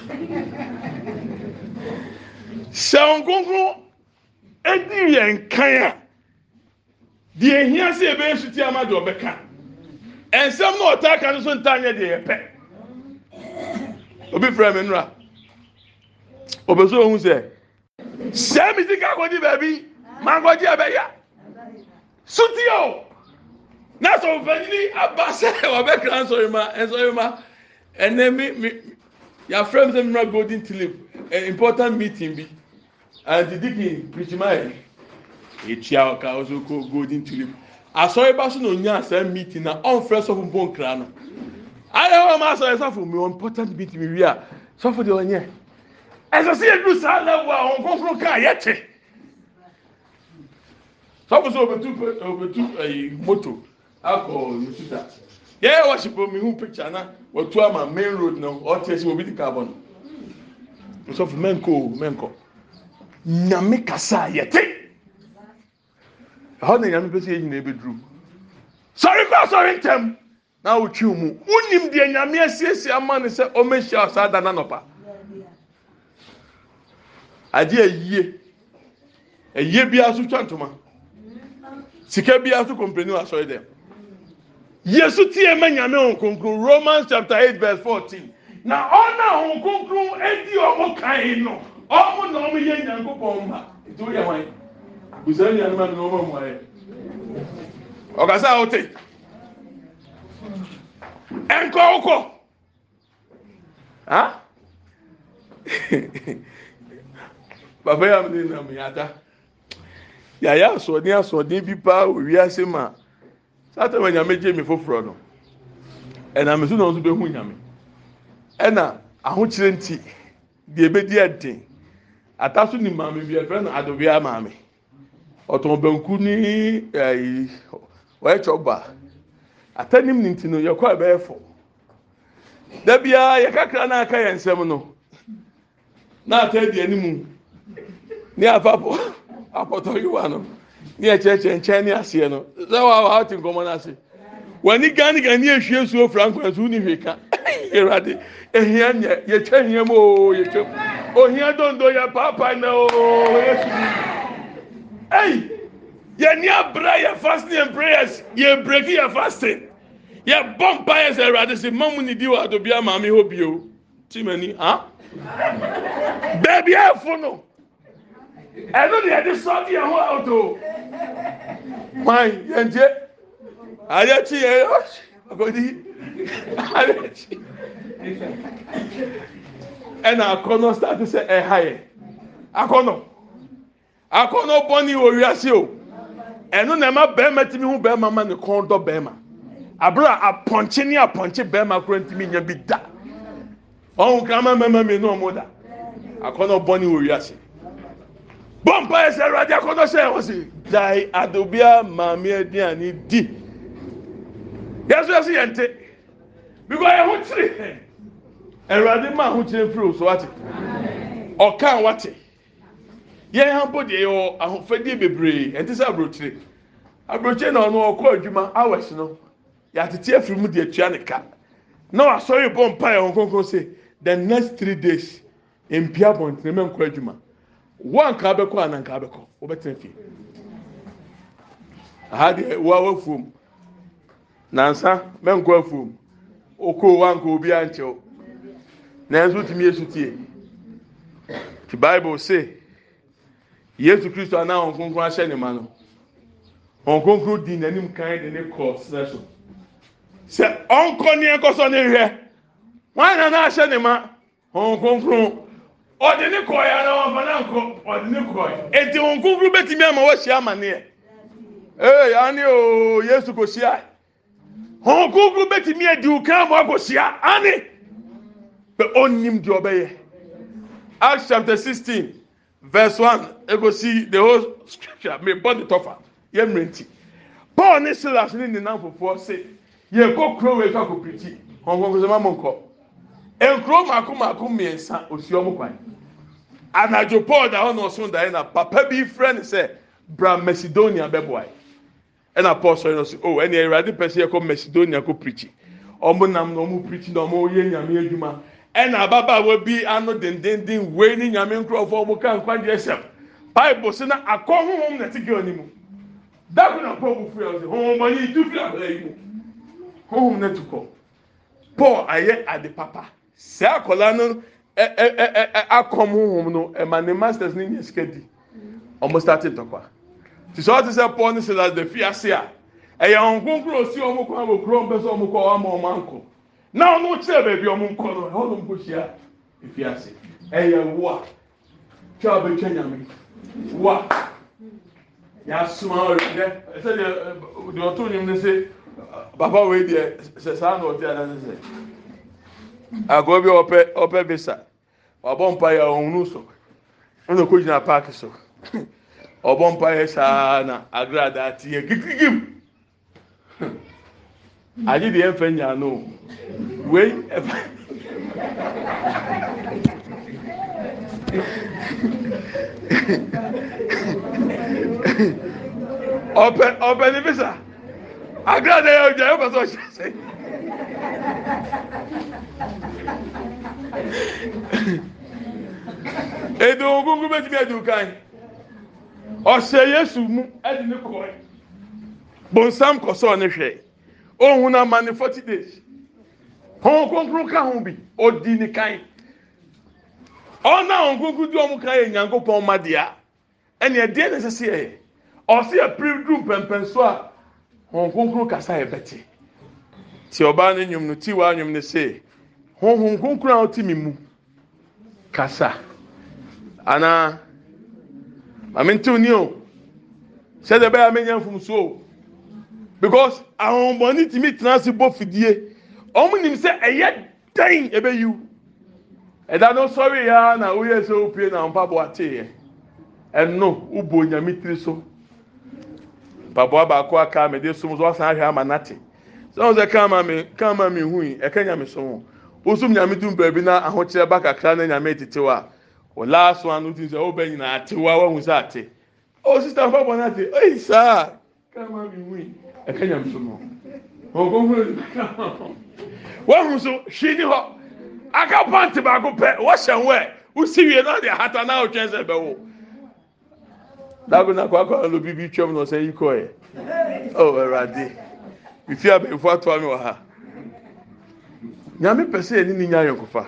sɛ nkunkun edi yɛn kan a deɛ ehia sɛ ebɛyɛ suti ama deɛ ɔbɛka nsɛm na ɔtaa ka no so ntaa nyɛ deɛ yɛpɛ obi fira mi nura obeso ohun sɛ sɛ mi sika akɔgye baabi maa akɔgye ɛbɛya suti o na sɔ nfɛnyini aba sɛ ɔbɛkira nsɔre ma nsɔre ma ɛnɛ mi mi yafrɛ mi sɛ mi nura golden tilip important meeting bi and dikin pichimayi etua ɔka ɔso kɔ golden tulip asɔre ba so na onya asɛm meeting na ɔnfrɛ sɔfo mpɔ nkira no ayɛ wɔn ma asɔre sɔfo mi important meeting mi wi a sɔfo deɛ ɔnyɛ ɛsɛ sɛ saa level a wɔn kɔnkɔn kaa yɛte sɔfo sɛ obetu obetu ɛyi eh, moto akɔ nusuta yɛyɛ wɔsipo mi hu picture na wɔtu ama main road na ɔte ɛsɛ obi di kaa bɔ no sɔfo nyame kasa yɛte ɛhɔ na nyame pɛ sɛ yɛn nyinaa bɛduru sɔre kɔ sɔre ntɛm na wotwi mu wonim deɛ nyame asiesie ama no sɛ ɔmɛhyia ɔsaa da nanɔpa adeɛ ayie ayie biara so twa ntoma sika biara so wa asɔre dɛm yesu tie ma nyame wɔn kunkun romans chapter eight verse fourteen na ɔna wɔn kunkun edi wɔn kan no ɔmo na ɔmo yɛ nyankopɔn mba etu yɛ wɔn. busani anuma ni wọn mọ ẹ ọkasa a ọtẹ ẹnkọ ọkọ ha bàbá yà mí nà ya ada yàyà asọdín asọdín bí pa òwì ase ma sátẹ̀wé nyàmé jẹ́ mi foforọ nọ ẹ̀nà mi sún náà tún bẹ́ẹ̀ hu nyàmé ẹ̀nà ahokyere ntì deɛ dị ɛdin ataso ni maame bi ɛfɛ no adobi amaame. ɔtɔn banku ne ɛyi ɔyɛ kyɔba atanim ne ti no yɛkɔ ɛbɛyɛ fɔ dabiara yɛkakra na aka yɛn nsɛm no na ata edi anim ne afa apɔtɔ yiwa no ne ɛkyɛkyɛ nkyɛn ne aseɛ no wa wa ɔte nkɔmɔ n'ase gani gani ehwie suo franco ni ka ɛwurade ehia nyɛ yɛtwa ehia mu ooo yɛtwa ohia dondo yɛ paapaa na ooo yɛsu ni. Hey, yẹn ní abira yẹ fasting and prayers yẹ break yẹ fasting yẹ bọ mpa yẹ sẹ ẹwurade sẹ mọ mu ni di wa àtòbí àmà mi hó bi o tí mi ni ha bẹẹbi ẹ fún no ẹnu ni ẹdi sọ di ẹhún ọtọ wọn yẹn jẹ ayé tí yẹ ọ àkọdí ayé tí ẹna akọnọ sáà ti sẹ ẹ ha akɔ na ɔbɔ ne wɔ wiase o ɛno na ɛma bɛrima timi ho bɛrima ma ne kɔn dɔ bɛrima abura apɔnkye ne apɔnkye bɛrima kora ntumi nya bi da ɔn krama mɛma mi ne ɔmo da akɔ na ɔbɔ ne wɔ wiase bɔ mpa ɛwurade akɔ na ɔhyɛ ɛwɔ se dae adobia maame aduane di yɛsɔ yɛsɛ yɛn te bikɔ yɛn ho ɛwurade ma ho kyerɛ firi o so wate ɔkan wate yɛn hampo deɛ yɛwɔ ahofadie bebree ɛnti sɛ aburokyire aburokyire na ɔno ɔkɔ adwuma hours no yɛatete afiri mu deɛ tua ne ka na wasɔre bɔ mpa yɛn nkonkron sɛ the next three days mpia bɔntene mɛ nkɔ adwuma wɔn nkaa bɛkɔ anan nkaa bɛkɔ wɔbɛtena fie aha deɛ wɔn awa fuom nansa mɛ nkɔ afuom okoo wa nka obi ankyɛw nanso tumi esu tie The bible say yesu kristo anaa wɔn kronkron ahyɛ ne ma no wɔn kronkron di n'anim kan de ne kɔ srɛ so sɛ ɔnkɔ ne nkɔsɔ ne hwɛ wɔn nana ahyɛ ne ma wɔn kronkron ɔde ne kɔ ya na wɔn fana nkɔ ɔde ne kɔ eti wɔn kronkron betumi ama wɔahyia amaneɛ ee ani ooo yesu kò hyia wɔn kronkron betumi adi okan ama ɔkò hyia ani bɛ ɔnim deɛ ɔbɛyɛ acts chapter sixteen. verse 1 egosi the whole scripture mebɔ tougher tɔfa yɛ mmerɛnti paul ne silas ne say, "Ye se yɛkɔ kuro wei kɔ akɔpirikyi ɔnkɔnkɔsɛma mo nkɔ nkuro mako mako mmiɛnsa osi ɔmo kwan anadwo paul da hɔ na da na papa bi bra macedonia paul oh, macedonia na na ɛna ababaawa bi ano dendenden wei ne nyame nkurɔfoɔ ɔmo ka nkwagye hyɛm paipu si na akɔ honhom na ɛte girl ne mu dako na paul bu firi ɔsɛ honhom ɔnyi tu firi abala yi mu honhom na tu kɔ paul ayɛ ade papa sɛ akɔla no ɛ ɛ ɛ akɔm honhom no ɛma ne masters ne nyɛ sika di ɔmo start tɔkwa ti sɛ ɔte sɛ paul ne silas de fi ase a ɛyɛ ɔnkonkoro si ɔmo kɔn abɔ kuro ɔmo sɛ ɔmo kɔ ɔmo ɔmo ankɔ na ɔno kyerɛ baabi ɔmo nkɔ no ɛhɔ nom kɔ hyia efi ase ɛyɛ wo a twa abɛtwa nyame wo a yasoma ɔyɛ ɛsɛ deɛ deɛ ɔtɔ onyim ne se papa wei deɛ sɛ saa na ɔte adansi sɛ agorɔ bi ɔpɛ ɔpɛ bisa wabɔ mpa yɛ ɔhunu so ɛna ɔkɔ gyina paaki so ɔbɔ mpa yɛ saa na agorɔ adaate yɛ gigigim. agye deɛ ɛmfa nyaano wei ɛfa ɔpɛ ɔpɛ ne bisa agrada yɛ ɔgya yɛ ɔpɛ sɛ ɔhyɛ sɛ edu ogungun bɛtumi edu kan ɔhyɛ yesu mu ɛdi ne kɔɛ bonsam kɔsɔɔ ne hwɛ ohun náà ma ní forty days ohun kúnkún ká hùn bi odi ní kan ọ̀nà ohun kúnkún di ọmọ kan yẹ nyanko pọ̀ ọmọ dìá ẹni ẹdí ẹni ẹsẹ sí ẹyẹ ọsí ẹpiri pẹmpẹm so a ohun kúnkún kasa yẹ bẹtẹ tí ọba ní nyom no tí wàá nyom ní sè ohun kúnkún àwọn tí mi mu kasa àná màmí ntúni o sẹ́dẹ̀ bẹ́ẹ̀ amẹ́nyẹ́ nfunso o. because ahombɔni tìmi tena ase bɔ fidie wɔn nim sɛ ɛyɛ dɛn ɛbɛyiw ɛda no sɔre ya na woyɛ sɛ opie na mpaboa teeɛ ɛno ubu onyame tiri so mpaboa baako aka mi de som so ɔsan ahwɛ ama nate sɛ wɔn sɛ kama mi kaama mi hu yi ɛka nyame som wosum nyame dum baabi na ahokyerɛ ba kakra na nyame tete wa wɔlaa so ano ti sɛ ɔbɛ nyinaa ate wa wɔn sɛ ate o sista mpaboa na te ɛyi mi hu yi. ɛka nyamsom hɔ wɔhu so hwee ni hɔ aka pante baako pɛ wɔhyɛ nwɛ wosi wie na ɔde ahata na ɔtwɛn sɛ bɛwo dabi na kwakwa alo bibi twɛm na ɔsɛ yi kɔɛ ɔ ɛwurade fifi abɛnfo atoa mi wɔ ha nyame pɛ sɛ yɛne ne nya ayɔnkofa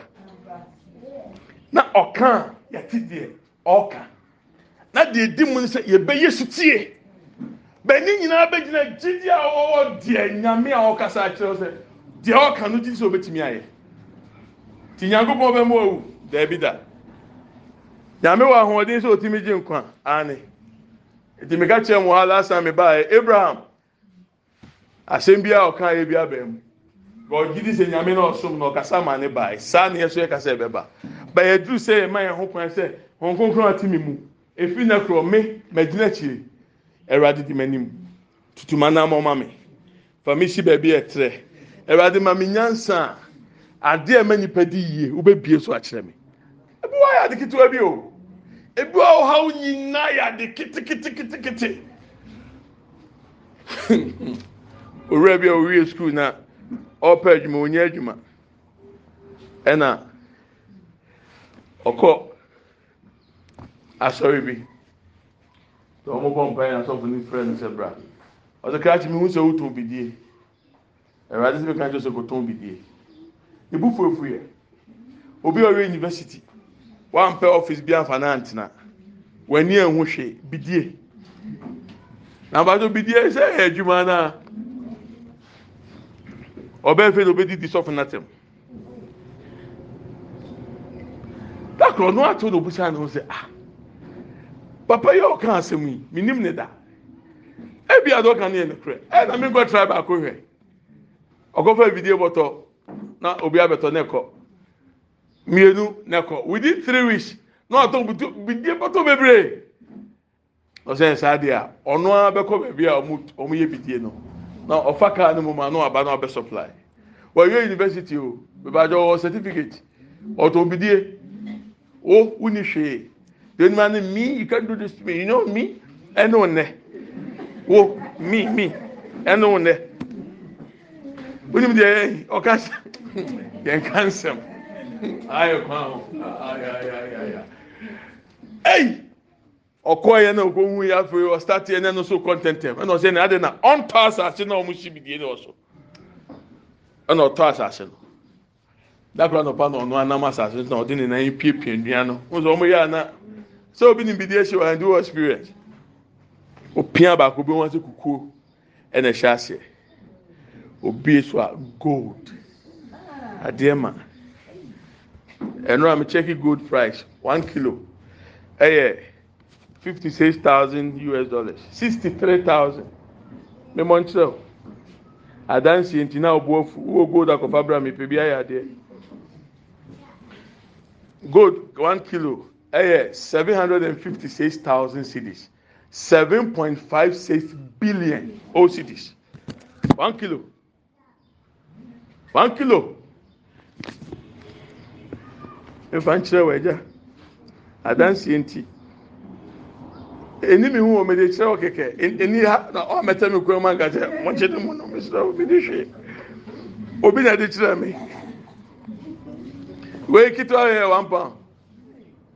na ɔka yɛte deɛ ɔka na deɛ di mu no sɛ yɛbɛyɛ tie bɛni nyinaa bɛgyina gyidi a wɔwɔ deɛ nyame a ɔkasa akyerɛ sɛ deɛ ɔka no gyidi sɛ ɔbɛtumi ayɛ ti nyankopɔn bɛ mu owu daabi da nyame wɔ ahoɔden sɛ ɔtumi gye nkwa ane nti meka kyerɛ mu ha last time abraham asɛm bi a ɔka yɛ bi abɛn mu ɔgye di sɛ nyame na ɔsom na ɔkasa ma ne baeɛ saa ne yɛ so yɛ kasa ɛbɛba bɛyɛ duru sɛ yɛ ma yɛn ho kwan sɛ wɔn nkonkron ati mi mu efi na korɔ me mɛgyina akyire. awurade di m'anim tutu m'anam ɔma me fa mi si baabi ɛtrɛ awurade ma mi nyansa adeɛ ma nipa di yie wobɛbie so akyerɛ me ebi wa yɛ ade ketewa bi o ebi wa ɔhaw nyinaa yɛ ade keteketekete owura bi a owie sukuu na ɔpɛ adwuma onye adwuma ɛna ɔkɔ asɔre bi sɛ wɔn bɔ mpa yɛn asɔfo ne fira ne sɛ bra ɔsɛ krakye mi hu sɛ wotɔn bidie ɛwɛade sɛ bɛka kyerɛ sɛ kotɔn bidie ebu fuefu yɛ obi a ɔyɛ university wampɛ office bi afa na antena w'ani ɛho hwɛ bidie n'abatɔ bidie sɛ ɛyɛ adwuma naa ɔbɛn fɛ de obedidi sɔfo n'atɛm dakoro no ato na obusa ne ho sɛ ah. papa yi a ɔka asɛm yi minim ne da ebi adi ɔka ne yɛ ne korɛ ɛna mi nkɔ try baako hwɛ ɔkɔfɔ evidie bɔtɔ uh, na obi abɛtɔ ne kɔ mmienu ne kɔ within three weeks na ɔtɔ butu bidie bɔtɔ bebree ɔsɛ saa deɛ ɔno ara bɛkɔ beebi a ɔmo yɛ bidie no na ɔfa kaa ne mu ma na ɔaba na ɔbɛ supply wɔyɛ university o bebaadɔ ɔwɔ certificate ɔtɔ bidie o wuni hwee. The only man, me, you can't do this to me. You know me? I know there. Oh, me, me. I know ne. Wọ́n mu di ẹyẹ ọ̀ka yẹn ká ń sẹ̀m. Ayọ̀ kan ahọ̀. Ẹyì! Ọkọ yẹn náà kò wú ya fún ọ start yẹn náà so content ẹ̀ ẹ̀nà ọ̀sẹ̀ ní adé náà ọ̀ntọ́ àṣàṣe náà ọmú síbi díẹ̀ ní ọ̀ṣọ́ ẹ̀nà ọ̀tọ́ àṣàṣe náà dakora nɔpa na ɔno anam asase na ɔde ne nan piepie nnua no nso wɔn yɛ ana sɛ obi ne bi di ehyia wɔn do experience opia baako bi wɔn sɛ kukuo ɛna ɛhyɛ aseɛ obi so a gold adeɛ ma ɛnura mi check gold price one kilo ɛyɛ fifty six thousand us dollars sixty three thousand mímọ nkyerɛw adansi ntina obuofu wo gold akɔfa bra mi pe bi ayɛ adeɛ gold one kilo ɛyɛ seven hundred and fifty six thousand cedis seven point five six billion old cedis one kilo one kilo nfa nkyerɛ wɔ agya adansie nti enim ihu wɔn mɛde kyerɛ wɔ kɛkɛ eni ha na ɔmɛtɛ mi kura mu ankasa wɔn kyerɛ mu no mi sɛ obi de hwɛ obi na de kyerɛ mi. wey kituwa here one pound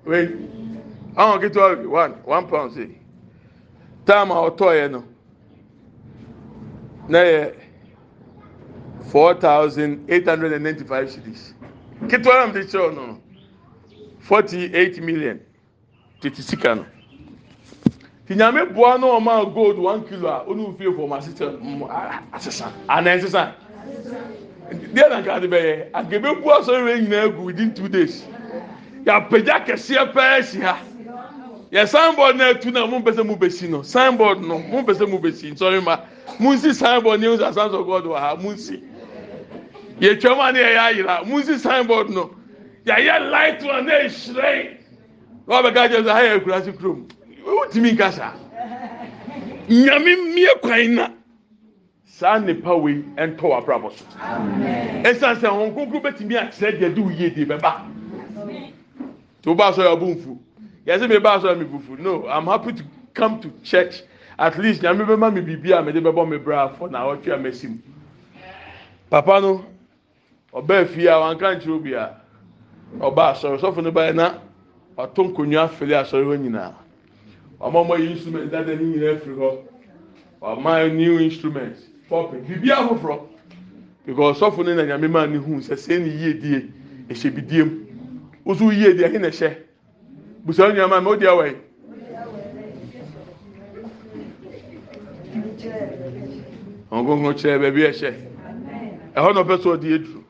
wey ahun kituwa one one pound say táàmù ọ̀tọ̀ yẹn no na yẹ four thousand eight hundred and ninety-five cities kituwa náà ti kyerɛ ɔno forty-eight million tètè sika no tìnyàmé bua náà ọma gold one kilo a ó ní òfin fọmù asesa asesa àná ẹsesa. deɛ na nka de bɛyɛ agebe gu asɔre nyinaa egu within two days yapagya kɛseɛ pɛɛ si ha yɛ signboard na etu na mo mpɛsɛ mo besi no signboard no mo mpɛsɛ mo besi nsɔre ma mo nsi signboard ne nsa sanso god wɔ ha mo nsi yɛtwa mu a ne yɛyɛ ayira mo nsi signboard no yɛayɛ light one na ehyerɛn wɔn abɛka kyerɛ sɛ ha yɛ ekura si kurom wotumi nkasa nyame mmie kwan na saa nipa wei ɛntɔ w'abrabɔ so ɛsan sɛ wɔn kunkun bɛtumi akyerɛ deɛ de oyie de bɛba tó bá aṣọ yà ọbọ nfu yẹsẹ mi bá aṣọ yà mi fufu no i'm happy to come to church at least nyàmé bẹ má mi bìbí à mi de bẹ bọ mi bra fọ nà ọtí àmì ẹsẹ mu papa no ọbẹ fi a wọn kàn kyerɛ obi a ɔba asɔre sɔfo no báyìí na ɔtó nkonnwa afeli asɔre hɔ nyinaa ɔmọ ɔmọ yi instrument dada ni nyinaa firi hɔ ɔmọ new instrument. pɔpin biribi ahoforɔ because sɔfo ne na nyame maa ne hu sɛ die ɛhyɛ bi die yie die na ɛhyɛ busaawo nyama ma odi awɔ yi. kyerɛ ɛhyɛ ɛhɔ na ɔpɛ so eduru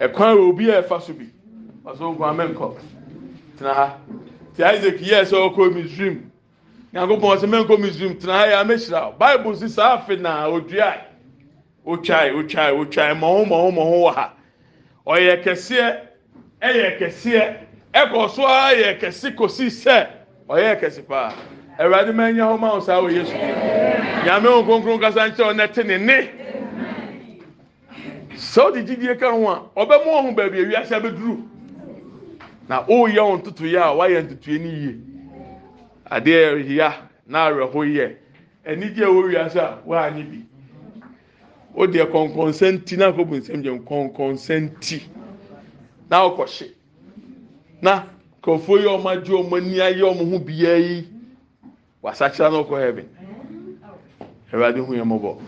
ɛkwan wɔ obi a ɛfa so bi ha ti isaac yɛ ɔkɔ nyankopɔn sɛ mɛnkɔ misrim tena ha yɛ a mɛhyira wo bible si saa afe na odua otwae otwae otwae mɔho mɔho mɔho wɔ ha ɔyɛ kɛseɛ ɛyɛ kɛseɛ ɛkɔ so ara yɛ kɛse kɔsi sɛ ɔyɛ kɛse paa awurade mɛnya hɔ ma wo saa wɔ yesu nyame wo kronkron kasa nkyerɛ wo nɛte ne ne sɛ wode gyidie ka ho a ɔbɛma wo ho baabi awiase abɛduru na woyɛ wo ntotoyɛ a woayɛ ntotoyɛ no yie ade ya na awerɛho yɛ anigye ɛwɔ wiase a wɔanyi bi o deɛ o ti na nsɛm gyɛm kɔnkɔnsɛn ti na na nkurɔfoɔ yi ɔmo agye ɔmo ani ayɛ ɔmo ho bia yi wasakyera na ɔkɔ ɛwɛ adi hu yɛn mo bɔ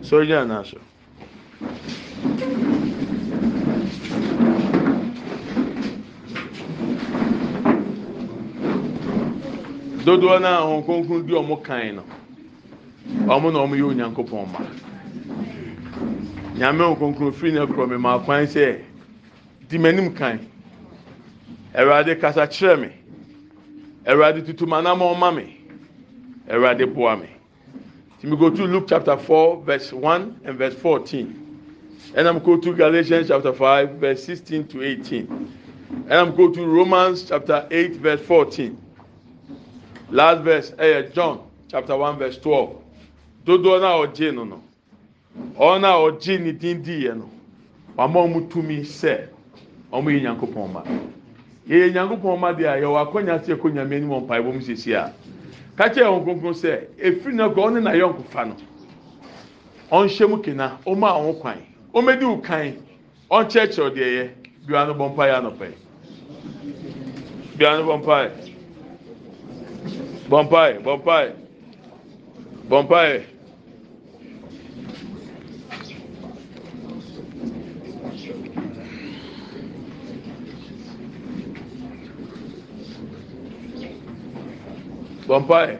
sɔrɔ gyina n'aso. dodoɔ no a wɔn kronkron di wɔn kan no wɔn na wɔn yɛ onyankopɔn mma nyame wɔn kronkron firi ne korɔ mi maa kwan sɛ di m'anim kan awurade kasa kyerɛ me awurade tutu m'anamɔ ɔma me awurade boa me tí mi go to luke chapter four verse one and verse fourteen and i'm go to galatians chapter five verse sixteen to eighteen and i'm go to romans chapter eight verse fourteen. last verse ɛyɛ eh, john chapter one verse twelve dodoɔ no a no no ɔn a ɔgye ne din diiɛ no wama ɔmo tumi sɛ yi nyankopɔn ma nyankopɔn ma a yɛwɔ akɔnya se ɛkɔ nyame anim ɔmpa sisi a kakyɛ wɔn kronkron se efiri na ɔne na no ɔnhyɛ mu kena ɔmo a kwan ɔmo edi deɛ yɛ no bɔ mpa yɛ anɔpɛ no bɔ mpa yɛ. bom pa bon pa bom pe bom pi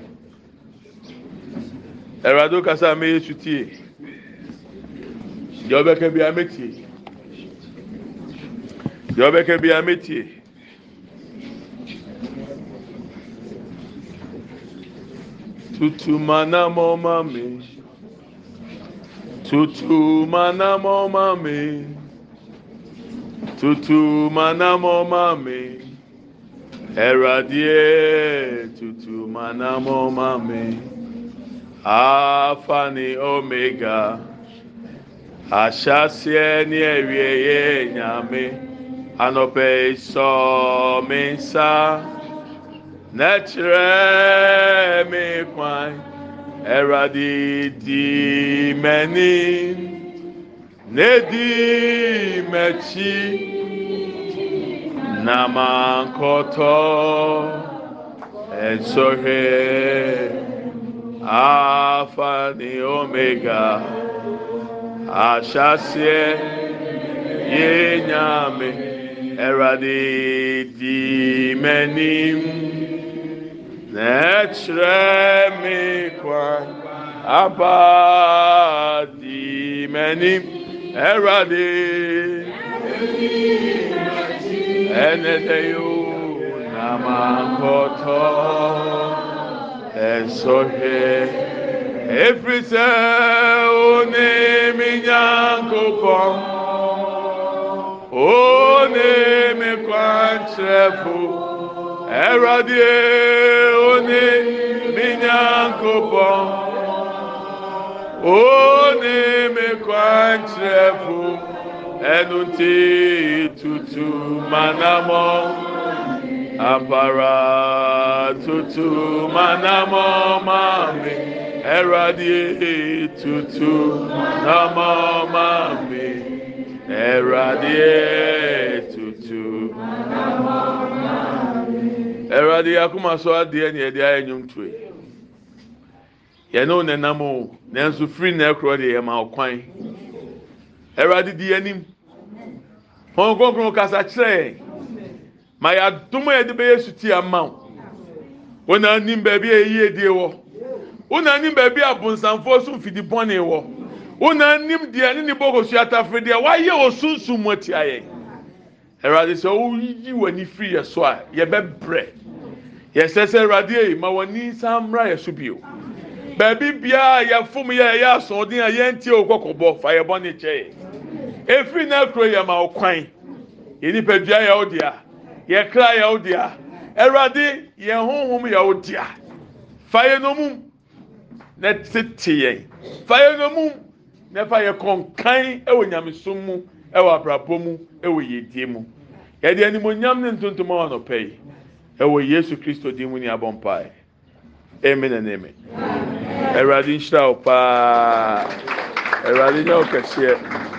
erado kasa meyesute doe keba mete dobeke bia metie tutu mana mọ ma mi tutu mana mọ ma mi tutu mana mọ ma mi ẹradie tutu mana mọ ma mi afa ni omega ahyase ni ewie ye nyame anọpẹ isọ mi nsa na kyerɛ me kwan ɛwurade di m'ani na di m'akyi na mankɔtɔ afa ne omega ahyɛseɛ yɛ nyame ɛwurade di m'anim. ne cre me kwan aba dimeni erade enedeyo na mangọto ensohe efrite one mi nyankoko one me kwan cerefo Ẹ̀rọ̀dì òní mi nyankopɔ, òní mi kwankyerɛfo, ɛnu ti tutu manamɔ, apara ma na maami. Ẹ̀rọ̀dì tutu manamɔ maami. Ẹ̀rọ̀dì. awurade akoma so adeɛ ne yɛde ayɛ nnwomtoe yɛne wo nenam o nanso firi na ɛkorɔ deɛ yɛma ɔkwan awurade di anim hɔn kronkron kasa kyerɛ yɛn ma ya a yɛde bɛyɛ suti ama wo wona nim baabi a ɛyie die wɔ wona nim baabi a bonsamfoɔ so mfidi bɔne wɔ wona nim deɛ ne ne bɔkɔsuatafe deɛ wayɛ wɔ sunsum mu atia yɛn awurade sɛ woyi w'ani firi yɛ so a yɛbɛbrɛ yɛsɛ sɛ awurade yi ma w'ani san mmra yɛ so bio baabi biara yɛfom yɛ ɛyɛ asoɔden a yɛntie wo fa yɛ bɔ ne kyɛ yɛ efiri na kuro yɛ ma ɔkwan yɛ nipadua yɛ wo dea yɛ kra yɛ wo dea awurade yɛn honhom yɛ wo dea fa yɛ nomu na tete yɛn fa yɛ nomu na fa yɛ kɔnkan ɛwɔ nyamesom mu ɛwɔ abrabɔ mu ɛwɔ yɛdie mu yɛde animonyam ne ntontoma wɔ nɔpɛ yi ɛwɔ yesu kristo din mu ne abɔ mpae amen and amen awurade nhyira wo paa awurade nyɛ wo kɛseɛ.